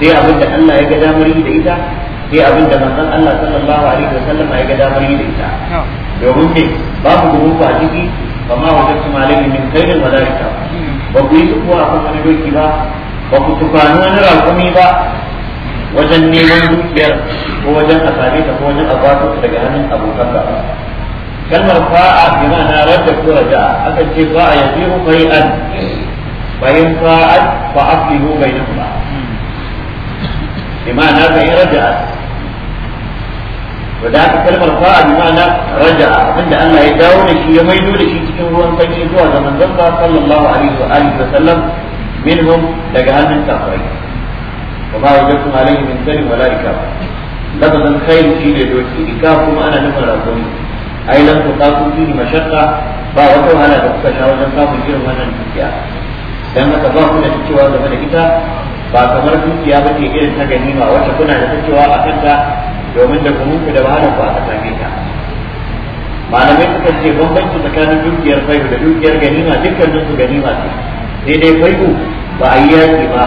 [SPEAKER 1] sai abin da Allah ya ga damar yi da ita sai abin da manzon Allah sallallahu alaihi wasallam ya ga damar yi da ita domin me ba ku gumin ku a ciki ba ma wajen su malami min kairin wadarika ba ku yi tukuwa a kan wani doki ba ba ku na wani rakumi ba wajen neman dukiyar ko wajen a same ta ko wajen a daga hannun abokan gaba كلمه fa'a بمعنى radda ko raja'a akan ce fa'a yasiru فإن طاعت فأصلحوا بينهما بمعنى فإن رجعت وذلك كلمة طاعة بمعنى رجع عند أن لا يداون شيء يميلوا لشيء تكون هو أنفسه هو زمن صلى الله عليه وآله وسلم منهم لجهل من كافرين وما وجدتم عليه من سلم ولا إكاف لفظ في شيء يدوي إكاف أنا نفر أقول ai lan ku kafu fi mashaqqa ba wato hala da kuka sha wajen samun irin wannan dukiya dan haka ba ku da cewa game da ita ba kamar dukiya ba ke irin ta gani ma wacce kuna da cewa a ta domin da ku da wahala ku a kan ta malamai suka ce bambanci tsakanin dukiyar fayu da dukiyar ganima dukkanin su ganima ce sai dai fayu ba a yi yaki ba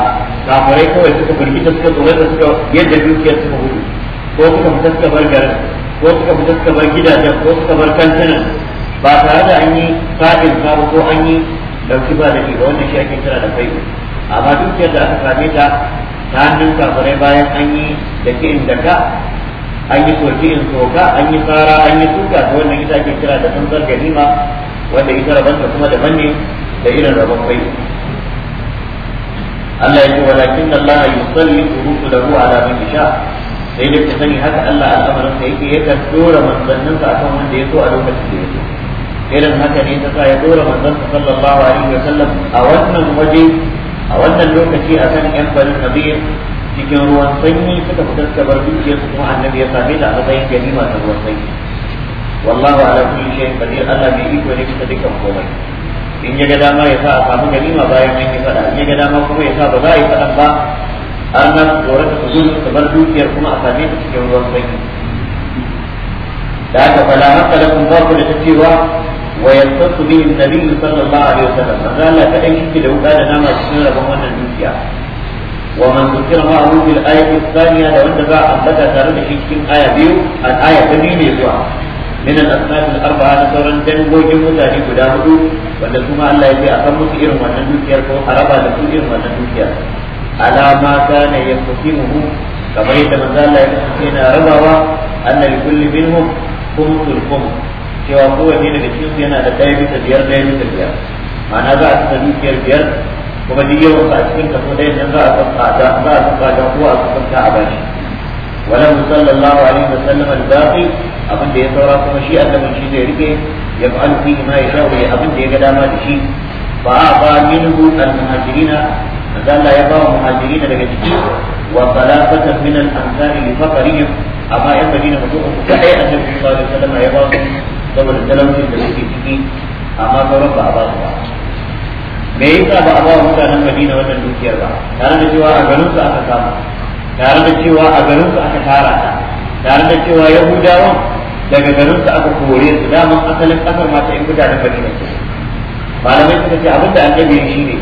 [SPEAKER 1] kafirai kawai suka firgita suka tsoron da suka yadda dukiyar suka hudu ko suka fita suka bar garin ko suka fita suka bar gidajen ko suka bar kantinan ba tare da an yi fadin ba ko an yi dauki ba da shi ba wannan shi ake kira da kai. amma duk da aka same ta ta hannun kafirai bayan an yi da in da ka an yi soki in soka an yi tsara an yi tuka ta wannan ita ake kira da tsantsar ganima wanda ita rabanta kuma daban ne da irin rabon kai. Allah ya ce walakin Allah ya yusallitu rusulahu ala man yasha sai dai ka sani haka Allah al'amarin sa ya yakan dora manzannin sa kan wanda ya so a lokacin da ya so irin haka ne ta sa ya dora manzon sa sallallahu alaihi wa sallam a wannan waje a wannan lokaci akan yan barin nabiyin cikin ruwan sanyi suka fitar da bar dukiyar su kuma annabi ya same ta a matsayin ganima ta ruwan sanyi wallahu ala kulli shay'in qadir Allah bai iko ne bisa dukkan komai in ya ga dama ya sa a samu ganima bayan an yi fada in ya ga dama kuma ya sa ba za a yi fadan ba an na tsoron dukiyar kuma a same ta cikin ruwan sanyi da aka fala haka da kuma ku da ta cewa wa yantasu bihi nabi sallallahu alaihi wasallam manzo Allah ka dai kike da wuka da nama cikin rabon wannan dukiya wa man zikira ma hu bil ayati thaniya da wanda za a bada tare da shi cikin aya biyu al aya ta biyu ne zuwa من guda الأربعة نصرا دنبوجين متاني قدامه وأن الله يبي irin wannan dukiyar ko فهو da لكل irin wannan dukiyar. ala ma kana yaqtimuhu kamar yadda manzo Allah ya kasance yana rabawa anna li kulli minhum khumsul cewa kowanne daga cikin yana da ɗaya bisa biyar ɗaya bisa biyar ma'ana za a cika dukiyar biyar kuma duk yawan a cikin kaso ɗaya nan za a tsada za a tsada ko a tsada a bashi ولم صلى الله عليه وسلم الباقي abin da ya saura kuma shi annabin shi zai rike ya fa'alu fihi ma yasha wa abin da ya ga dama da shi fa aqa minhu al-muhajirina Allah ya ba muhajiri daga ciki wa salafatan min al-ansari li faqrihim amma yan Madina mutum uku kadai Annabi sallallahu alaihi wasallam ya ba su saboda talaucin da suke ciki amma sauran ba a ba su ba
[SPEAKER 2] me yasa ba a ba
[SPEAKER 1] mutanen Madina wannan dukiyar ba tare da cewa a garin su aka samu tare da cewa a garin su aka tara ta tare da cewa Yahudawan daga garin su aka kore su daman asalin kasar ma ta in mutanen Madina malamai suka ce abinda annabi ya shi ne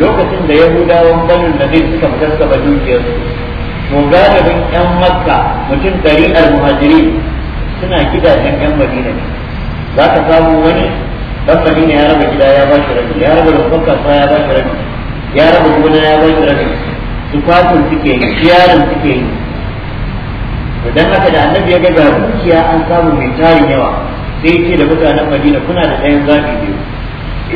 [SPEAKER 1] lokacin da yahudawan banin da zai suka fitar ba dukiyarsu mu galibin yan makka mutum dari ɗari muhajiri suna gidajen yan madina ne za ka samu wani dan madina ya raba gida ya ba shi rabi ya raba rumfar sa ya ba shi rabi ya raba gona ya ba shi rabi kwakun suke yi ciyarin suke yi to dan haka da annabi ya ga dukiya an samu mai tarin yawa sai ce da mutanen madina kuna da ɗayan zafi biyu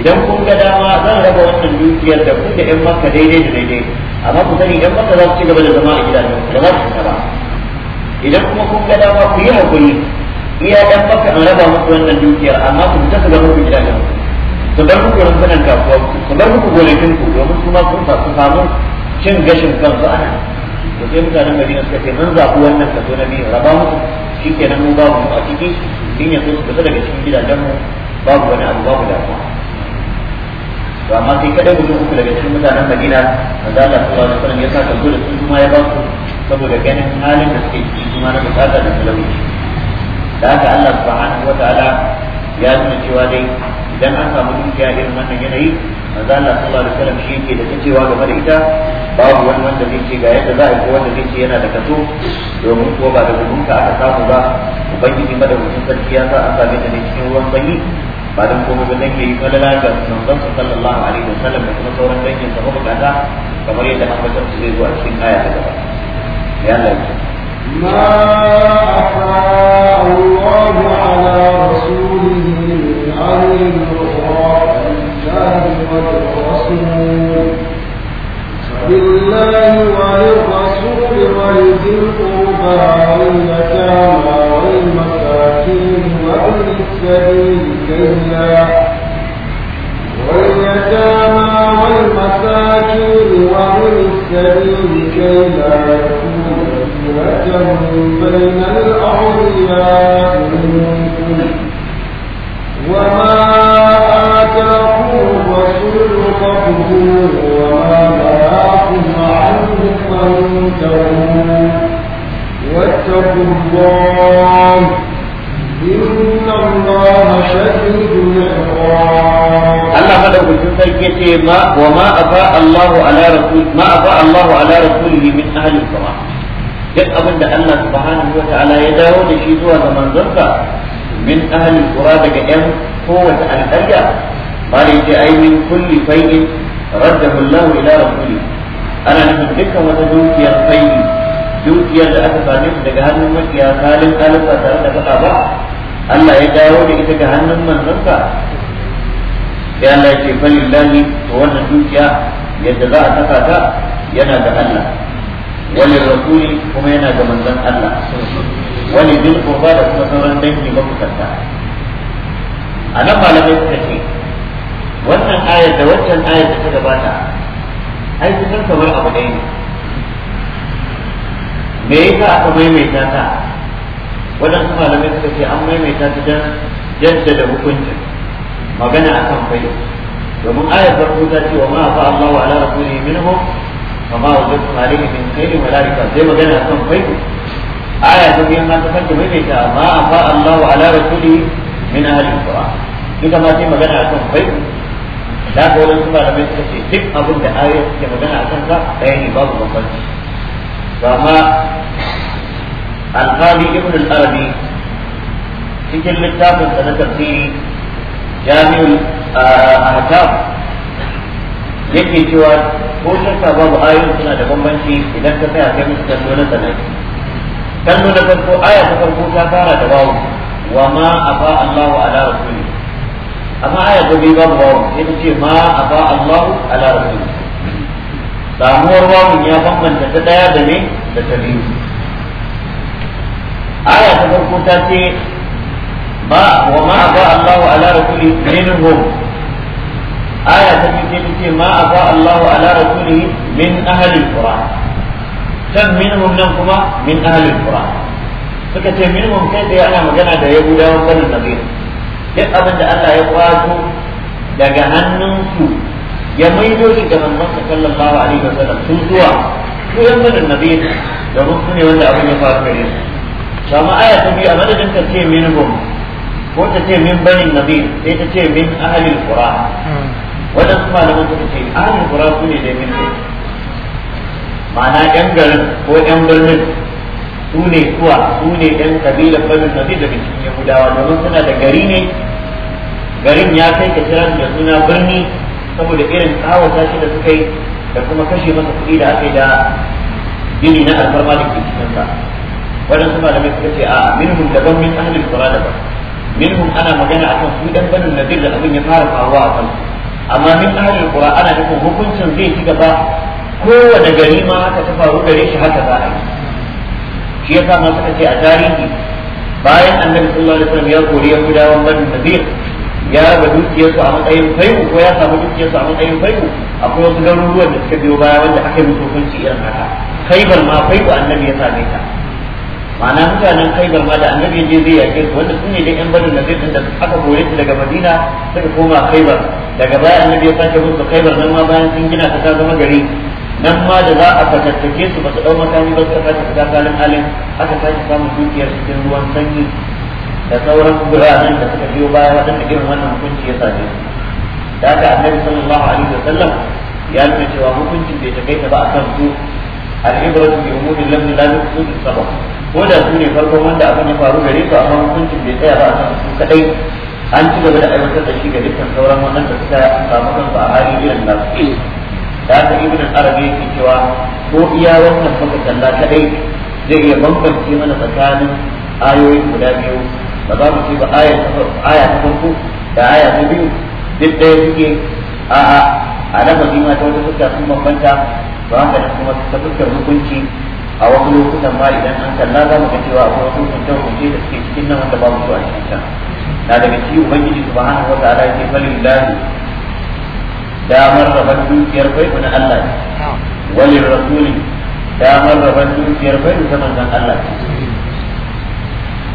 [SPEAKER 1] idan kun ga dama zan raba wannan dukiyar da kun yan maka daidai da daidai amma ku sani yan maka za su ci gaba da zama a gidajen da za su ba idan kuma kun ga dama ku yi hakuri iya yan maka an raba muku wannan dukiyar amma ku ta su ga muku gidajen su bar muku rumfunan kasuwar ku su bar muku gonakin ku domin su ma kun su samu cin gashin kansu ana to sai mutanen Madina suka ce mun zaɓi wannan kaso na biyu raba muku kenan mu babu mu a ciki din yanzu su fita daga cikin gidajen mu babu wani abu babu damuwa to amma sai kadai mutum uku daga cikin mutanen Madina manzo Allah sallallahu alaihi wasallam ya sa da kuma ya ba su saboda ganin halin da suke ciki kuma na bukata da talauci da haka Allah subhanahu wataala ya nuna cewa dai idan an samu dukiya irin wannan yanayi manzo Allah sallallahu alaihi wasallam shi yake da cewa game da ita babu wani wanda zai ce ga yadda za a yi ko wanda zai ce yana da kaso domin ko ba da gudunka aka samu ba ubangiji madaukakin sarki ya sa an same ta ne cikin ruwan sanyi ba dan kuma ba dan yayi falala ga manzon sallallahu alaihi wasallam da kuma sauran dangin sa mabukata kamar yadda ambatar su zai zuwa cikin aya ta gaba ya Allah ما
[SPEAKER 3] أفاء الله على رسوله من أهل القرى الجاهل والرسول بالله وللرسول القربى واليتامى والمساكين وابن السبيل كي واليتامى والمساكين وابن بين الأولياء منكم وما آتاكم الرسول فخذوه وما نهاكم عنه فانتهوا واتقوا الله إن الله شديد العقاب Allah madaukakin sarki ce ma wa ma afa Allahu ala rasul ma afa Allahu ala rasulihi
[SPEAKER 1] min duk abin da Allah subhanahu wa ta'ala ya dawo da shi zuwa ga manzonsa min ahli kura daga yan kowace alƙarya bala yace ai min kulli fai'in raddahu Allah ila rasuli ana nufin dukkan wata dukiyar fai'i dukiyar da aka same ta daga hannun makiya kalin alifa tare da faɗa ba Allah ya dawo da ita ga hannun manzonsa sai Allah ya ce falillahi to wannan dukiya yadda za a saka ta yana ga Allah walil rasuli kuma yana da manzon Allah wani bil qurba da kuma sauran dangi makusanta a nan malamai suka ce wannan ayar da wancan ayar da ta gabata ai kusan kamar abu ɗaya ne me yasa aka maimaita ta su malamai suka ce an maimaita ta don da hukuncin magana akan fayo domin ayar farko ta ce wa ma fa Allah wa ala rasulihi minhum fa ma wajadtum alayhi min khairin wala rikab zai magana akan fayo aya ta biyan an kasance mai mai ta ma afa Allahu ala rasuli min ahli qura ita ma sai magana akan bai da ko wani suna da mai ce duk abin da ayoyi suke magana akan sa ɗaya ne babu bambanci ba ma alqadi arabi cikin littafin sa na tafsiri jami'ul ahkam yake cewa ko shakka babu ayoyin suna da bambanci idan ka tsaya kai musu kallo na kan na farko aya ta farko ta fara da bawo wa ma afa Allah ala rasuli amma aya ta biyu babu bawo sai ce ma afa Allah ala rasuli samuwar wawun ya bambanta ta daya da ne da ta biyu aya ta farko ta ce ba wa ma afa Allah ala rasuli minhum aya ta biyu ta ce ma afa Allah ala rasuli min ahli qur'an kan minimum nan kuma min ahlul qura suka ce minimum kai da ana magana da yahudawan bani nadir duk abin da Allah ya kwato daga hannunsu ya maido shi ga manzon sallallahu alaihi wasallam sun zuwa su yan bani nadir domin su ne wanda abin ya faru gare su sama aya ta biyu a madadin ka ce minimum ko ta ce min bani nadir sai ta ce min ahlul qura hmm. wadansu malaman suka ce ahlul qura su ne da minhum ma'ana yan garin ko yan birnin su ne kuwa su ne yan kabilar banin da daga cikin yahudawa domin suna da gari ne garin ya kai ka kira da suna birni saboda irin kawata shi da suka yi da kuma kashe masa kuɗi da aka yi da gini na alfarma da ke ba waɗansu malamai suka ce a minhum daban min ahlul qura daban minhum ana magana akan su dan banin nadir da abin ya fara faruwa a kansu amma min ahlul qura ana nufin hukuncin zai ci gaba kowane gari ma haka ta faru gare shi haka za a yi shi yasa ma suka ce a tarihi bayan annabi sallallahu alaihi wasallam ya kori ya gudawan bani nadir ya ga su a matsayin fai'u ko ya samu su a matsayin a akwai wasu garuruwan da suka biyo baya wanda aka yi musu hukunci irin haka Kaibar ma fai'u annabi ya same ta ma'ana mutanen kaibar ma da annabi je zai yake su wanda su ne da yan bani din da aka kore su daga madina suka koma kaibar. daga baya annabi ya sake musu kaibar nan ma bayan sun gina ta ta zama gari nan ma da za a fatattake su ba su ɗau makami ba suka sake fita haka alin aka sake samun dukiyar cikin ruwan sanyi da sauran biranen da suka biyo baya waɗanda irin wannan hukunci ya sace su da haka annabi sallallahu alaihi wa sallam ya nuna cewa hukuncin bai ta ta ba akan su al'ibratu bi umurin lam la yusudu sabab ko da su ne farkon wanda abin ya faru gare su amma hukuncin bai tsaya ba akan su kadai an ci gaba da aiwatar da shi ga dukkan sauran waɗanda suka samu kansu a hali irin nasu da aka ibn arabi yake cewa ko iya wannan muka kalla dai zai iya bambance mana tsakanin ayoyin guda biyu ba za mu ce ba aya ta farko da aya ta biyu duk ɗaya suke a a a na ma ta wata fuska sun bambanta ba haka da kuma ta fuskar hukunci a wasu lokutan ma idan an kalla za mu ga cewa akwai wasu hukunce hukunci da suke cikin nan wanda ba mu a cikin can na daga ci ubangiji subhanahu wa ta'ala yake falillahi damar rabar dukiyar bai na Allah ne wani rasuli damar rabar dukiyar bai ta manzon Allah ne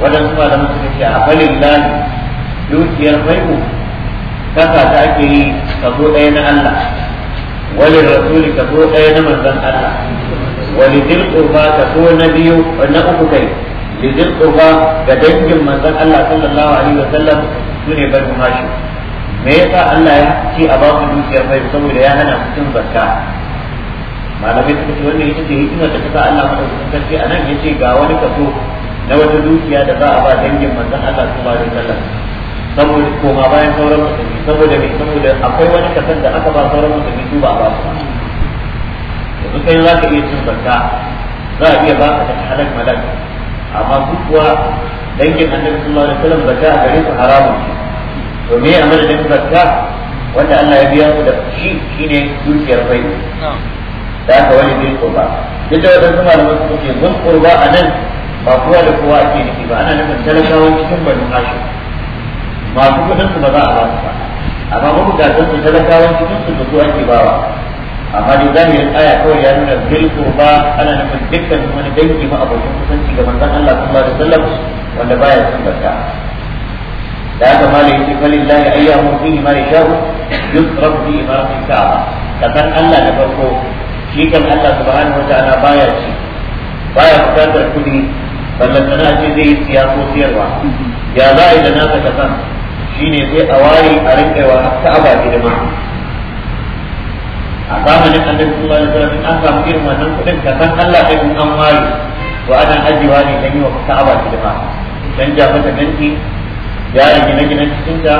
[SPEAKER 1] wadan kuma da mutum a falin lahi dukiyar bai kasa ta ake yi zo ɗaya na Allah wani rasuli zo ɗaya na manzon Allah walidil ka zo na biyu na uku kai lidil qurba ga dangin manzon Allah sallallahu alaihi su sune bai shi. me yasa Allah ya ce a ba ku dukiyar bai saboda ya hana ku cin zakka malamai suka ce wannan yace ce hikimar da kasa Allah madaukakin sarki a nan yace ga wani kaso na wata dukiya da za a ba dangin manzo Allah sallallahu alaihi wasallam saboda koma bayan sauran mutane saboda me saboda akwai wani kasan da aka ba sauran mutane su ba ba su yanzu kai za ka iya cin zakka za a iya ba ka ta halak malak amma duk kuwa dangin annabi sallallahu alaihi wasallam zakka a gare su haramun to me a madadin zakka wanda Allah ya biya ku da shi shine dukiyar bai da aka wani bil kurba duk da wadansu da wasu kuke bil kurba a nan ba kowa da kowa ake niki ba ana nufin talakawan cikin banu hashim masu kudin su ba za a ba su ba amma mabukatan su talakawan cikin su da su ake bawa amma duk zamu yi aya kawai ya nuna bil kurba ana nufin dukkan wani dangi ma abokin kusanci ga manzon Allah sallallahu alaihi wasallam wanda baya son zakka da aka malai ce falillahi ayyahu fihi ma yashahu yusrafu fi imarati Ka san Allah da farko shi kan Allah subhanahu wa ta'ala baya ci baya bukatar kudi ballantana ce zai yi siya ko siyarwa ya za a yi da nasa Shi ne zai a ware a ta Aba hidima a zamanin annabi sallallahu alaihi wasallam an samu irin wannan kudin san Allah sai kun an ware to ana ajiyewa ne dan yi wa ka'aba hidima dan ja mata ganti gyara gine gine cikin ta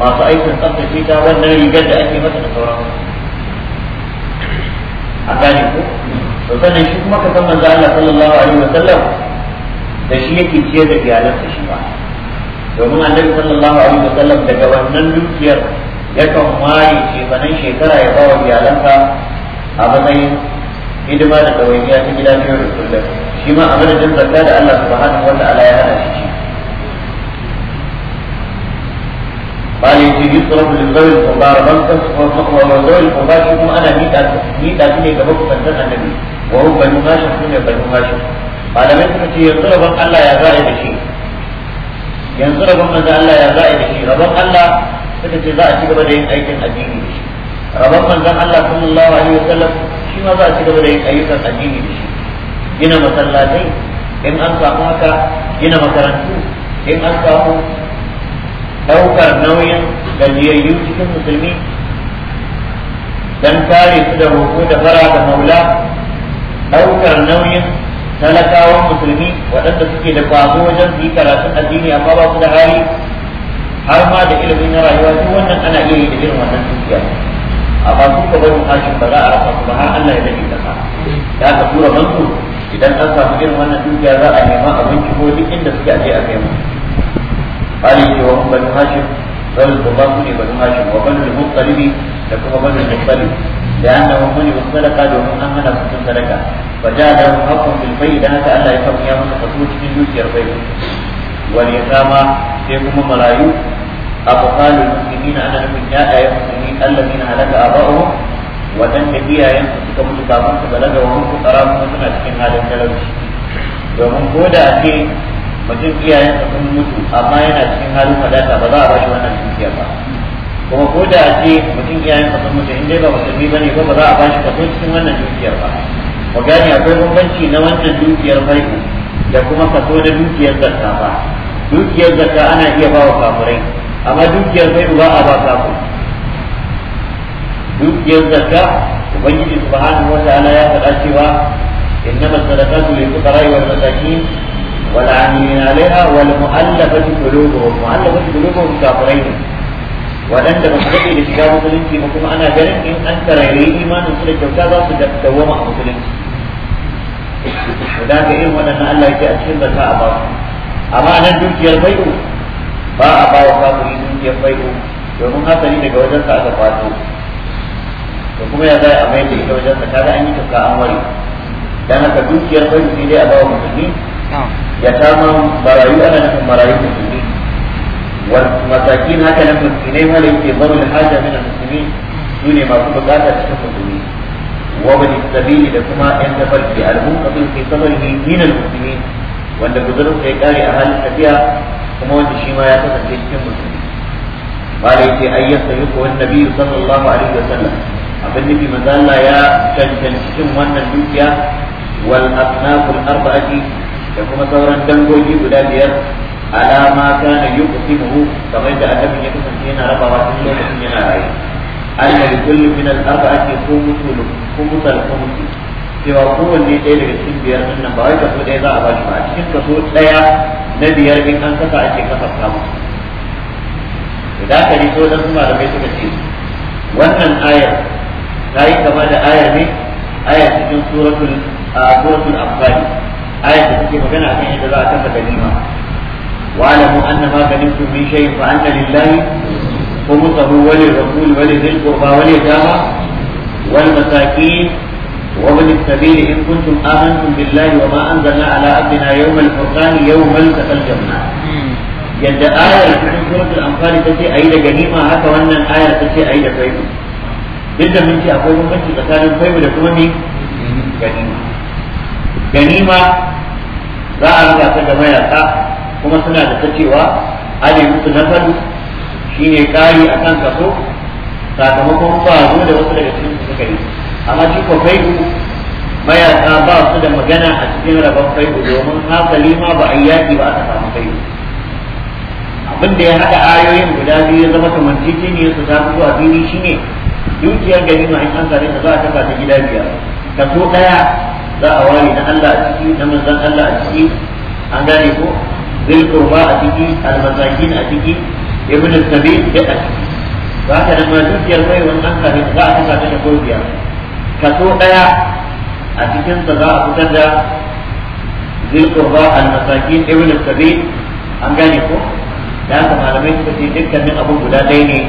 [SPEAKER 1] masu aikin tsaftace ta wannan rigar da ake mata da sauran a gane ku to sannan shi kuma ka san manzo Allah sallallahu alaihi sallam da shi yake ciyar da iyalansa shi ba domin annabi sallallahu alaihi sallam daga wannan dukiyar yakan ware shefanin shekara ya bawa iyalansa a matsayin hidima da ya ta gida biyar da kullum shi ma a madadin zakka da Allah subhanahu wa ta'ala ya hana shi قال يجي يصرف للذوي القربى وذوي القربى فيكم انا ميتا ميتا في جبهه فنزل النبي ورب المغاشر من المغاشر قال من تكتي يصرف الله يا غائب شيء ينصر ban manzo Allah ya za'i da shi rabon Allah suka ce za a ci gaba da yin aikin addini da shi rabon manzon Allah sallallahu alaihi wasallam shi ma za a ci gaba da yin ayyukan addini da shi gina masallatai in an samu haka gina makarantu in an samu ɗaukar nauyin gajiyayyu cikin musulmi dan kare su da roƙo da fara da maula ɗaukar nauyin talakawan musulmi waɗanda suke da kwazo wajen su yi karatun addini amma ba su da hali har ma da ilimin na rayuwa duk wannan ana iya yi da irin wannan dukiya amma su ka bari hashin ba za a rasa su ba har Allah ya dade kasa ya ka tura banku idan an samu irin wannan dukiya za a nema abinci ko duk inda suke aje a kai mu علي وهم بنو هاشم بل الضباط بنو هاشم وبنو المطلب لكم بنو المطلب لأنهم منعوا الصدقة وهم أمنوا في الصدقة فجاء لهم حق بالبيع لأنك ألا يكون يوم تخرج من دوشي البيع واليتامى فيكم ملايو أبطال المسلمين أنا من جاء المسلمين الذين هلك آباؤهم وذنب هي ينفسك متكافون فبلغ وهم فقراء وسنة في هذا التلوث domin ko da ake mutum iyayensa sun mutu amma yana cikin halin wadata ba za a bashi wannan dukiya ba kuma ko da a ce mutum iyayensa sun mutu in dai ba musulmi ba ne ba za a bashi kaso cikin wannan dukiyar ba mu gani akwai bambanci na wancan dukiyar farko da kuma kaso da dukiyar zakka ba dukiyar zakka ana iya ba wa kafirai amma dukiyar farko ba a ba kafir dukiyar zakka ubangiji subhanahu wa ta'ala ya faɗa cewa innamas sadaqatu lil fuqara wal masakin والعاملين عليها والمؤلفة قلوبهم مؤلفة قلوبهم كافرين waɗanda ba su da shiga musulunci ba kuma ana ganin in an tarairayi imanin su da kyauta za su dawwama a musulunci da ka irin waɗannan Allah yake a cikin a dukiyar ba a bawa kafiri dukiyar bai'u domin hasali daga wajen sa aka kwato da kuma ya zai amai da ita wajen sa kaga an yi tafka an ware dan haka dukiyar bai'u sai dai a bawa musulmi ya kama marayu ana nufin marayu da musulmi
[SPEAKER 2] wa masakin haka nan miskinai ma da yake zarul haja min
[SPEAKER 1] musulmi su ne masu bukata cikin musulmi wa bin sabili da kuma yan tafarki al-munqabil fi sabrihi min al-muslimi wanda guzurin sai kare a halin tafiya kuma wanda shi ma ya kasance cikin musulmi ba da yake ayyasa yuku wani nabi sallallahu alaihi wa sallam abin nufi manzo Allah ya cancanci cikin wannan dukiya wal asnaful arba'ati da kuma sauran dangogi guda biyar alama na yi kusi muhu kamar da annabi ya kasance yana raba wasu lokacin yana raye anna li kulli min al ko mutal ko mutu. cewa kowanne ɗaya daga cikin biyar din nan ba wai kaso ɗaya za a bashi ba a cikin kaso ɗaya na biyar in an kasa ake kasafta musu idan ka so dan da mai suka ce wannan ayar ta yi kama da ayar ne ayar cikin suratul suratul anfali ayat da take magana akan yadda za a tafa ganima wa'lamu anna ma ganimtum min shay'in fa anna lillahi khumsahu wa lirrasul wa السبيل إن كنتم آمنتم بالله وما أنزلنا على عبدنا يوم الفرقان يوم التقى الجمعان yadda ayar cikin suratul amfani ta ce ayi da ganima haka wannan ayar ta ce ayi da faibu duk da mun ce akwai bambanci tsakanin faibu da kuma ni ganima ganima za a rika ta da mayaka kuma suna da ta cewa ali musu na fadu shi ne kari a kan kaso sakamakon ba zo da wasu daga cikin su suka yi amma shi ko faidu mayaka ba su da magana a cikin rabon faidu domin hasali ma ba a yaki ba ta samu kai abin da ya haɗa ayoyin guda biyu ya zama ne su ta fito a fili shine dukiyar ganima in an sare ta za a taba ta gida biyar kaso ɗaya za a ware da Allah a ciki da manzan Allah a ciki an gane ko zai qurba a ciki almasakin a ciki ibn sabil da a ciki ba ka da ma mai wannan kafin za a kasa da gobiya kaso daya a cikin sa za a fitar da zai kurba almasakin ibn sabil an gane ko da haka malamai suka ce dukkanin abu guda ɗaya ne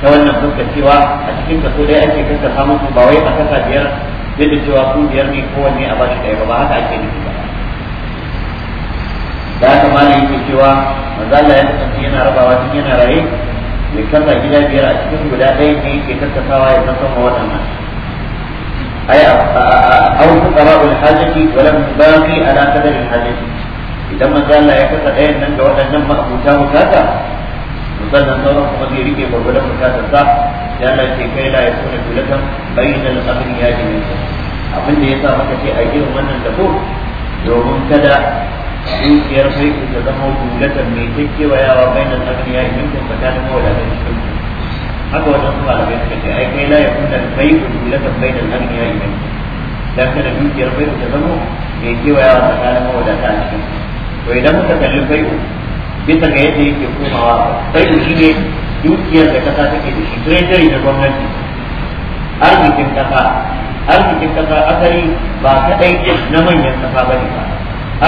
[SPEAKER 1] ta wannan fuskar cewa a cikin kaso ɗaya ake kasa musu ba wai a kasa biyar duk da cewa su biyar ne kowanne a bashi ɗaya ba haka ake nufi ba da haka ma yake cewa manzala ya kasance yana rabawa tun yana raye mai kasa gida biyar a cikin guda ɗaya ne yake tattasawa ya san sama waɗannan ai au fuqara'ul hajati wa lam baqi ala qadari hajati idan manzala ya kasa ɗayan nan ga waɗannan ma'abuta bukata sannan sauran kuma zai rike gwargwadon bukatar sa ya na ce kai la da dulatan ya ji min abin da sa maka ce a irin wannan dabo domin kada dukiyar kai ta zama dulatan mai yawa da ya kekkewayawa bainal aghniya min tsakanin mawadatan cikin haka wajen su bai suka ce ai kai la yakuna da dulatan ya ji min dan kada dukiyar kai ta zama mai yawa kewayawa tsakanin mawadatan cikin to idan muka kalli bai'u bisa ga yadda yake komawa sai shi ne dukiyar da kasa take da shi treasury na gwamnati arzikin kasa arzikin kasa asali ba kadai na manyan kasa ba ne ba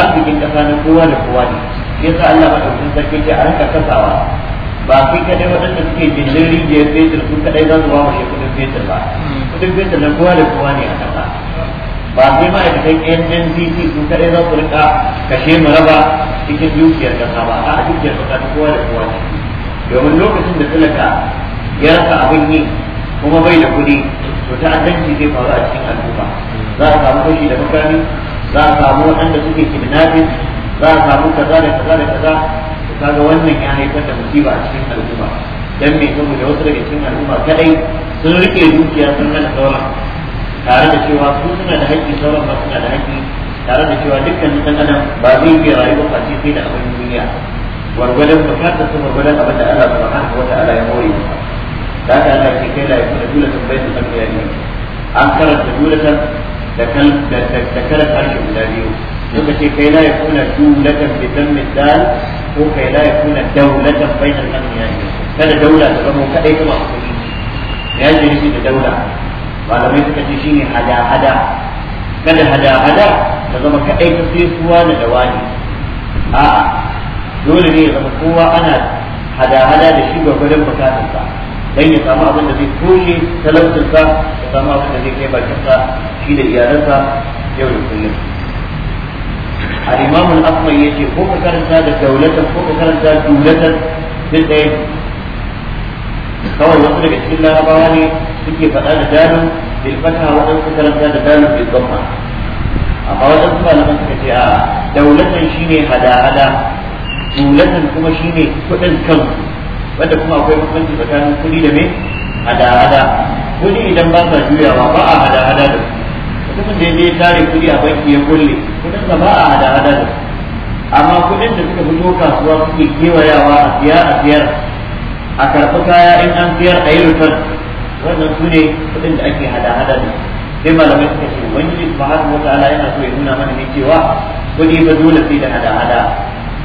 [SPEAKER 1] arzikin kasa na kowa da kowa ne yasa Allah madaukakin sarki ce a rinka kasawa ba kai kadai waɗanda suke jinjin rijiyar fetur sun kadai za su ba mu kudin fetur ba kudin fetur na kowa da kowa ne a kasa ba sai ma'aikatan NNPC sun kaɗai za su rika kashe mu raba cikin dukiyar ƙasa ba a dukiyar ƙasa ta kowa da kowa ce domin lokacin da talaka ya rasa abin yi kuma bai da kuɗi to ta'addanci zai faru a cikin al'umma za a samu kashi da makami za a samu waɗanda suke kidnapping za a samu kaza da kaza da kaza to kaga wannan ya haifar da musiba a cikin al'umma dan me saboda wasu daga cikin al'umma kadai sun rike dukiya sun hana sauran tare da cewa sun suna da haƙƙi sauran ba suna da haƙƙi tare da cewa dukkan ɗan adam ba zai iya rayuwa ba sai sai da abin duniya wargwadon bukatar su wargwadon abin da Allah subhanahu wa ta'ala ya hori da ta Allah ke kai lafiya da dole sun bayyana kan ne an karanta dulatan da kan da kare harshe guda biyu suka ce kai la yakuna dulatan bi dammi dal ko kai la yakuna dawlatan bainal kan yayi kada daula ta zama kadai kuma ya ji shi da daula malamai suka ce shine hada-hada kada hada-hada ta zama kaɗai ta sai suwa da dawani a'a dole ne ya zama kowa ana hada-hada da shi gwagwarin bukatarsa dan ya samu abin da zai toshe talautinsa ya samu abin da zai kai bakinsa shi da iyalansa yau da kullum al-imam al-asma yace ko karanta da daulatan ko karanta dulatan sai kawai wasu daga cikin larabawa ne suke faɗa da da ya fata waɗansu karanta da dalil bil zama amma waɗansu malaman suka ce a daulatan shine hada-hada dulatan kuma shine kuɗin kan wadda kuma akwai bambanci tsakanin kuɗi da mai hada-hada kuɗi idan ba sa juyawa ba a hada-hada da su mutumin da ya je tare kuɗi a banki ya kulle kuɗin ba a hada-hada da su amma kuɗin da suka fito kasuwa suke kewayawa a siya a siyar a karɓi kaya in an siyar a yi return wannan su ne kuɗin da ake hada-hada da sai malamai suka ce haka wata ala yana so ya nuna mana ne cewa kuɗi ba dole sai da hada-hada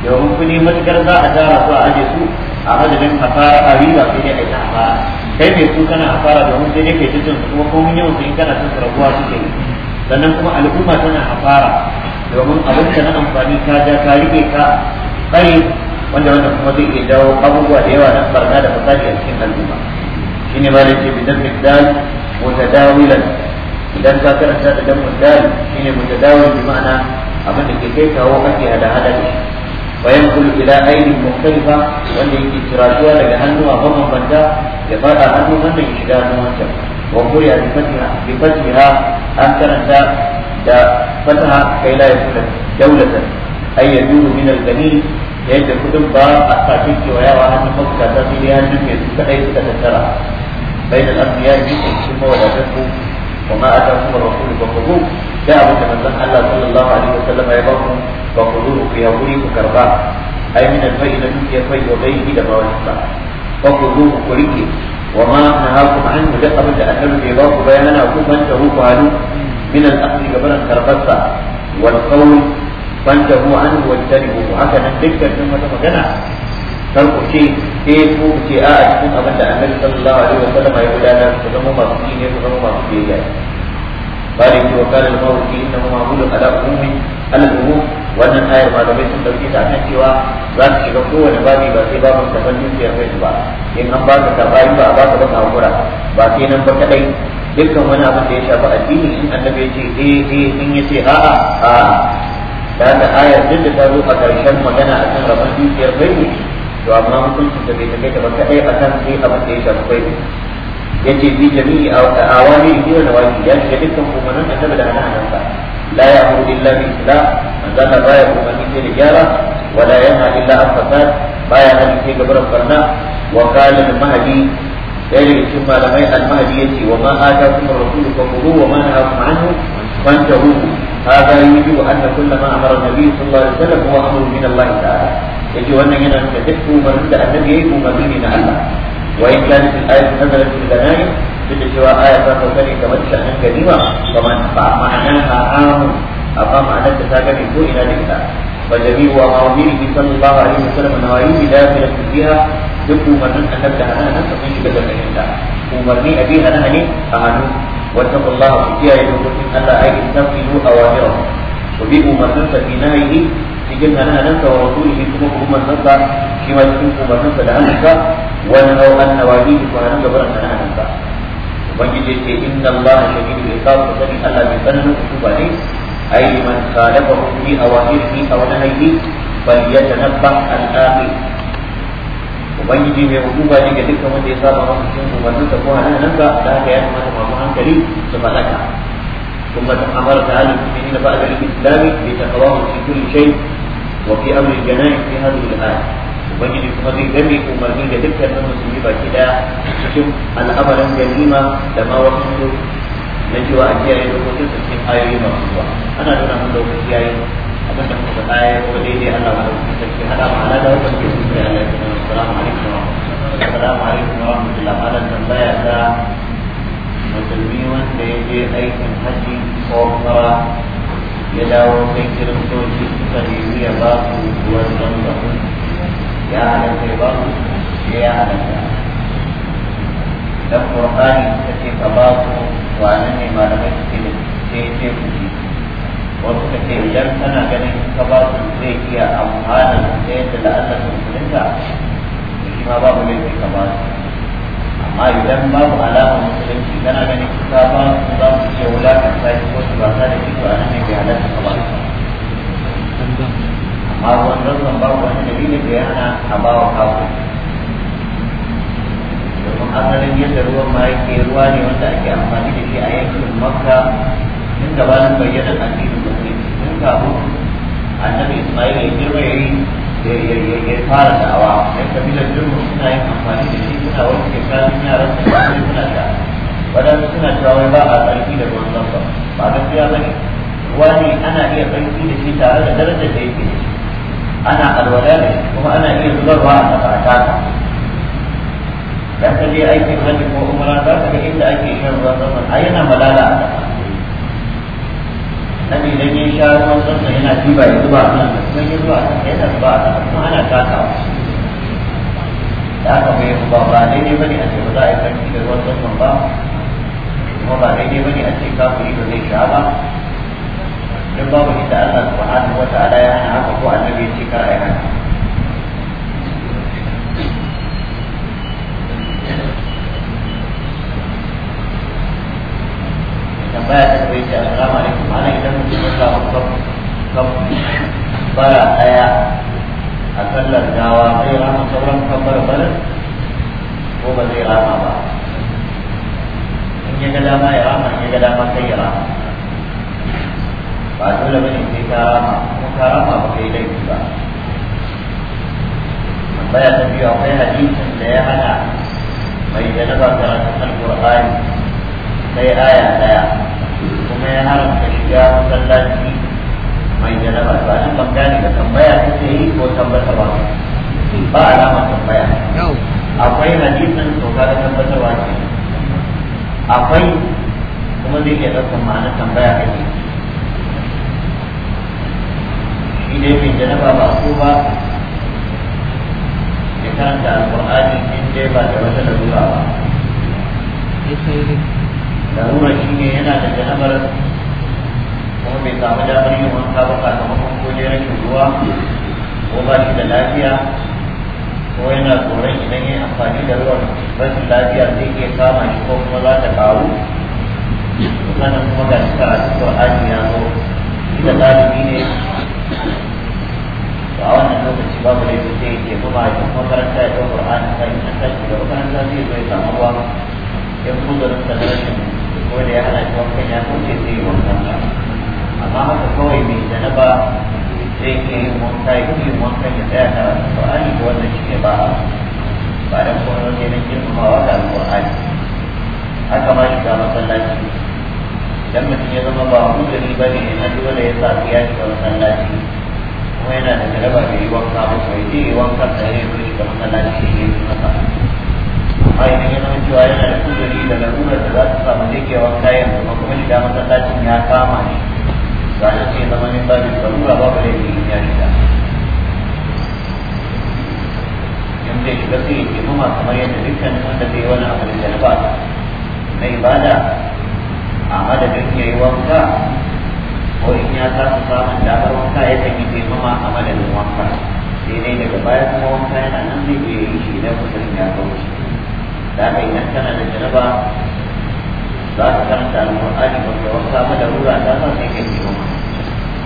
[SPEAKER 1] yawon kudi matukar za a tara su a aje su a madadin hasara a riba sai dai a yi hasara kai mai su kana hasara domin sai dai kai ta jin kuma komai yawan sai kana son rabuwa ke. sannan kuma al'umma tana fara. domin abin da na amfani ka ja ka rike ka tsare wanda wanda kuma zai iya jawo abubuwa da yawa na barna da fasadi a cikin al'umma shine ma da ce bidan wata dawilan idan ka karanta da dan ne shine mutadawil bi ma'ana abin da ke kai kawo ake hada hada da shi wa yankulu ila ainin mukhtalifa wanda yake tiratuwa daga hannuwa banta ya fara hannu wanda ya shiga hannun wancan wa kuriya bi fatiha bi fatiha an karanta da fataha kai la yakuna dawlatan ai ya duru min al-gani yadda kudin ba a sake cewa yawa hannun mafuta ta fi hannun mai su kadai suka tattara bai da lafiya yi a cikin mawadatar ku wa ma ata kuma rasul ba ku ku da abu da manzon Allah sallallahu alaihi wasallam ya ba ku ba ku duru ku ya wuri ku karba ai min al-bai da dukiya bai wa bai da ba wani ba ba ku duru ku rike wa ma nahakum an da abin da annabi ya ba ku bayana ku ban ta ku halu min al-aqli gaban karbarsa wal qawl an fantahu anhu mu haka nan dukkanin wata magana kar ku ce eh ku ce a a cikin abin da annabi sallallahu alaihi wa wasallam ya gudanar su zama masu yi ne ku zama masu ya yi biyayya bari ki wa kana al-mawdi innahu ma'mulun ala ummi al-umum wannan ayar malamai sun dauke ta kan cewa za ta shiga kowane babi ba sai babin tafannin da ya kai ba in an ba ka ta in ba ba ka ba hakura ba sai nan ba kadai dukkan wani abin da ya shafi addini in annabi ya ce eh eh in ya ce a'a a'a da haka ayar duk da ta zo a ƙarshen magana a kan rabon dukiyar baiwi to amma mutunci da bai take ba kadai a kan sai abin da ya shafi baiwi yace bi jami'i awami da wani ya shiga dukkan umarnin annabi da hana sa la ya'muru illa bi islam manzana baya umarni sai da gyara wala yanha illa an fasad baya hali sai gabar barna wa qala al-mahdi ɗaya cikin malamai al-mahdi yace wa ma atakum kuma rasulu fa khudhu wa ma nahakum anhu fantahu هذا يوجب أن كل ما أمر النبي صلى الله عليه وسلم هو أمر من الله تعالى يجب أن هنا نتذكر من النبي مبين من الله وإن كانت الآية نزلت في البنائم بالسوى آية فتوكلي كمدشأ كريمة فمن معناها عام أقام على التساقط إلى ذكرى وجميع أوامره صلى الله عليه وسلم نواهيه داخلة فيها duk umarnin annabi da hana nan kafin shiga da fahimta umarni a bi hana ne واتقوا الله وكيا يدوكم ألا أي تنفذوا أوامره وبيئوا ما تنسى في نهيه لكن أنا ننسى ورسوله كما هو من ننسى كما يكون ما تنسى لأنك ونهوا أن نواجيه فأنا جبر أن أنا ننسى وبنجد إن الله شديد العقاب وسمي ألا بيسلم وشوف عليه أي من خالفه في أواهره أو نهيه فليتنبه الآخر ubangiji mai hudu ba ga dukkan wanda ya saba masa cikin umarnin sa ko nan ba da haka ya kamata mamu hankali su faɗaka da أمر تعالى المسلمين بعد الإسلام بتقواهم في كل شيء وفي أمر fi في da الآية ubangiji kuma zai gami umarnin da nan musulmi baki daya cikin al'amarin ganima da ma wasu na cewa a kiyaye lokacin cikin ayoyi masu zuwa ana nuna mun wasu kiyaye abin da muka faɗa ya ko daidai da hada da ke tambaya musulmi wanda ya je aikin haji ko ya dawo sai kiristoci suka nemi ba su ruwan ya halatta ba su eh, ya ka ba su nan ne malamai suke da sai ce ku wasu ka ce idan kana ganin ka ba su zai iya amfana da yadda la'asar musulunta shi ma babu laifi ka ba su amma idan babu alama musulunci kana ganin ka ba su za su iya wulakanta shi ko su basa da shi to anan ne bai halatta ka ba su amma wannan zan babu wani dalilin da ya hana a ba wa kafin domin asalin yadda ruwan ma yake ruwa ne wanda ake amfani da shi a yankin makka tun gabanin bayyanar addinin kafin annabi ismail ya fara da'awa yan kabilar jirgin yin amfani da shi suna yaran da ya suna sha da ruwan ne ruwa ne ana iya tsarki da shi tare da darajar da yake da shi ana alwala kuma ana iya zubarwa a ƙasa a taka dan ka ko za ga inda ake shan ruwan zamba a yana malala a sabi idan ya sha ruwan tsantsa yana diba ya zuba a nan kuma ya zuba a nan yana zuba a nan kuma ana takawa da haka bai yi ba ba bane a ce ba za a yi da ruwan ba kuma ba bane a ce ba zai sha ba babu inda Allah subhanahu wa ta'ala ya hana haka ko annabi ya ce kar tambaya ta gaba yake assalamu alaikum ana idan mutum ya samu daya a sallar gawa zai rama sauran ko ba zai rama ba in ya ga dama ya rama in ya ga dama sai ya rama ba dole bane sai ka rama ka rama ba kai laifi ba ta biyu akwai hadisin da ya hana mai karatun sai aya daya kuma ya haramta shiga masallaci mai janaba ba shi ban gane da tambaya take yi ko tabbatarwa ba alama tambaya akwai hadisin to kaga tabbatarwa ce akwai kuma zai iya ɗaukar ma'ana tambaya kake shi dai mai janaba ba ko ba ya karanta alƙur'ani in dai ba da wata lalura ba larura shi ne yana da janabar kuma bai samu damar yin wanka ba sakamakon ko je rashin ruwa ko ba shi da lafiya ko yana tsoron idan yin amfani da ruwan rashin lafiya zai iya kama shi ko kuma za ta kawo sannan kuma ga shi karatu Qur'ani ya zo da ɗalibi ne a wannan lokaci babu da yake ke kuma a cikin makaranta ya ɗau Qur'ani sai in tashi daga makaranta zai zo ya samu ruwa yan kudurin da rashin wanda ya hana shi wankan ya kauce sai ya wankan sa amma haka kawai mai janaba sai ke yin wanka ya yi yin wankan ya tsaya da alƙur'ani ko wannan shi ne ba ba da kuma ne na girmamawa da alƙur'ani haka ma shiga masallaci idan mutum ya zama ba hujjari ba ne na dole ya sa ya shiga masallaci kuma yana da jaraba da yi wanka ba sai yi wanka tsaye ya shiga masallaci ne masa ainihin ganin cewa yana da kudiri da larurar da za su samu lekewa kayan kuma kuma shiga masallacin ya kama shi ba na ce zama min ba da larura babu da. in ya shiga in zai shiga sai ya taimama kamar yadda dukkan wanda zai wani abu da jalba na ibada a madadin ya yi wanka ko in ya kasa samun damar wanka ya kan yi taimama a madadin wanka sai dai daga baya kuma wanka yana nan zai iya yi shi idan kusurin ya kawo shi da haka idan kana da jaraba za ka karanta alƙur'ani ba ka wanka ba da rura ta sa sai kai kiwo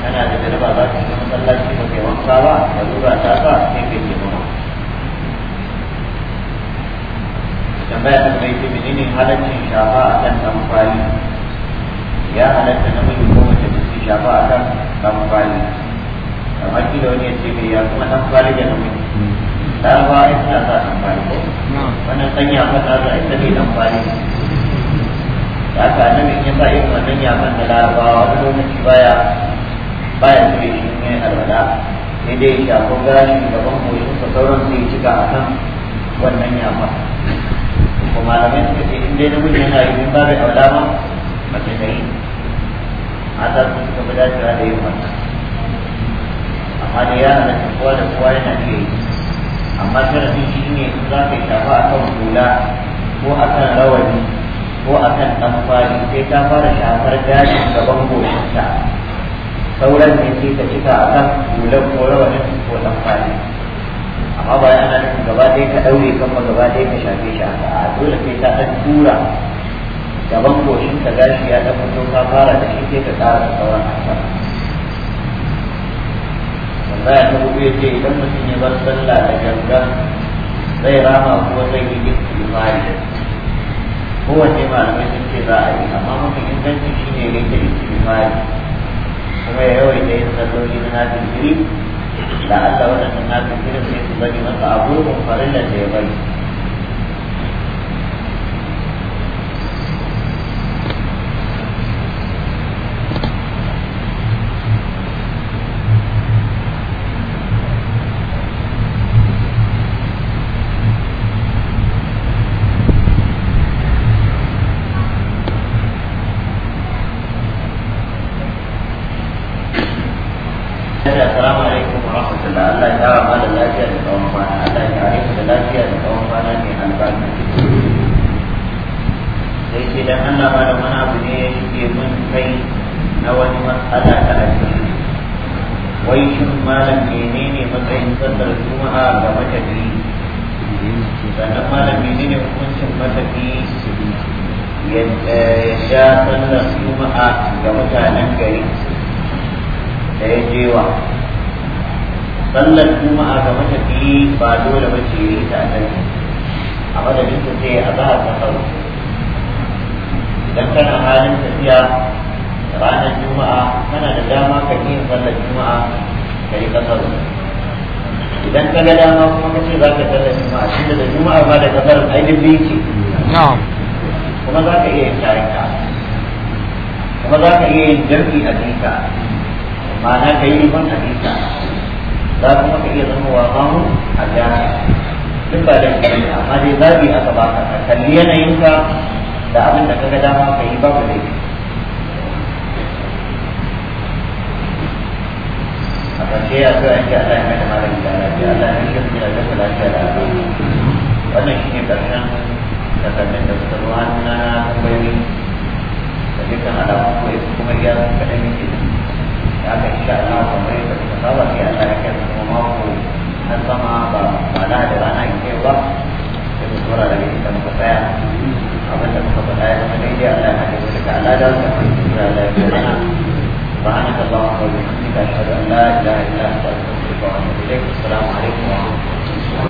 [SPEAKER 1] kana da jaraba za ka yi masallaci ba kai wanka ba da rura ta sa sai kai kiwo tambaya ta kai ce menene halaccin shafa a kan tamfani ya halatta namiji ko mace ta shafa a kan tamfani kamar kila wani ya ce mai ya kuma tamfani da namiji tsawa ai suna sa amfani ko wannan sanya masa da ita ne amfani da haka nan in ya sa irin wannan yaman da larabawa wani lokaci baya baya cire shi ne alwala sai dai ya shafi gashi gaban koyon, sa sauran sai cika a kan wannan yaman Kuma malamai suka ce in dai namiji yana yi in da aula ma mace ta yi mata sun suka fi dacewa da yin wannan amma da yana da kuwa da kowa yana iya yi amma sharafin shi ne za ka shafa a kan hula ko a kan rawani ko a kan ɗanfari sai ta fara shafar gashin gaban goshinta sauran ne sai ta cika a kan kula ko rawanin ko ɗanfari amma ba ana nufin gaba ɗaya ka ɗaure kan ma gaba ɗaya ka shafe shi a dole sai ta ɗan tura gaban goshinta gashi ya ɗan fito ka fara da shi sai ka ƙara da sauran haka baya ta hudu ya ce idan mutum ya bar sallah da ganga zai rama ko zai yi istimali kowace malamai sun ce za a yi amma mafi ingancin shi ne ya yi istimali kuma ya yawai da yin salloli na nafi jiri da Allah waɗannan nafi jirin sai su bari masa abubuwan farilla da ya bari juma'a ba da kasar ainihin binci kuma za ka iya yin tarika kuma za ka iya yin jami'i a jinka ma'ana ka yi liman a jinka za kuma ka iya zama wa mamu a jana duk ba da kuma amma dai zabi ka baka ka kalli yanayinka da abin da kaga dama ka yi babu laifi a ƙarshe ya zo yanke Allah ya mai da malami da lafiya Allah ya mai shi da lafiya da albarka wannan shi ne karshen takardun da suka zo hannu na tambayoyi da dukkan alamun ko yasu kuma iya kaɗan yake da aka insha Allah kamar yadda suka saba sai Allah ya kai kuma mako na sama ba ma'ana da rana in kai ba sai mu tura daga inda muka tsaya abin da muka faɗa ya zama daidai Allah ya haɗe daga aladar da kuma tura da ya rana سبحانك اللهم وبحمدك أشهد أن لا إله إلا أنت أستغفرك وأتوب إليك السلام عليكم ورحمة الله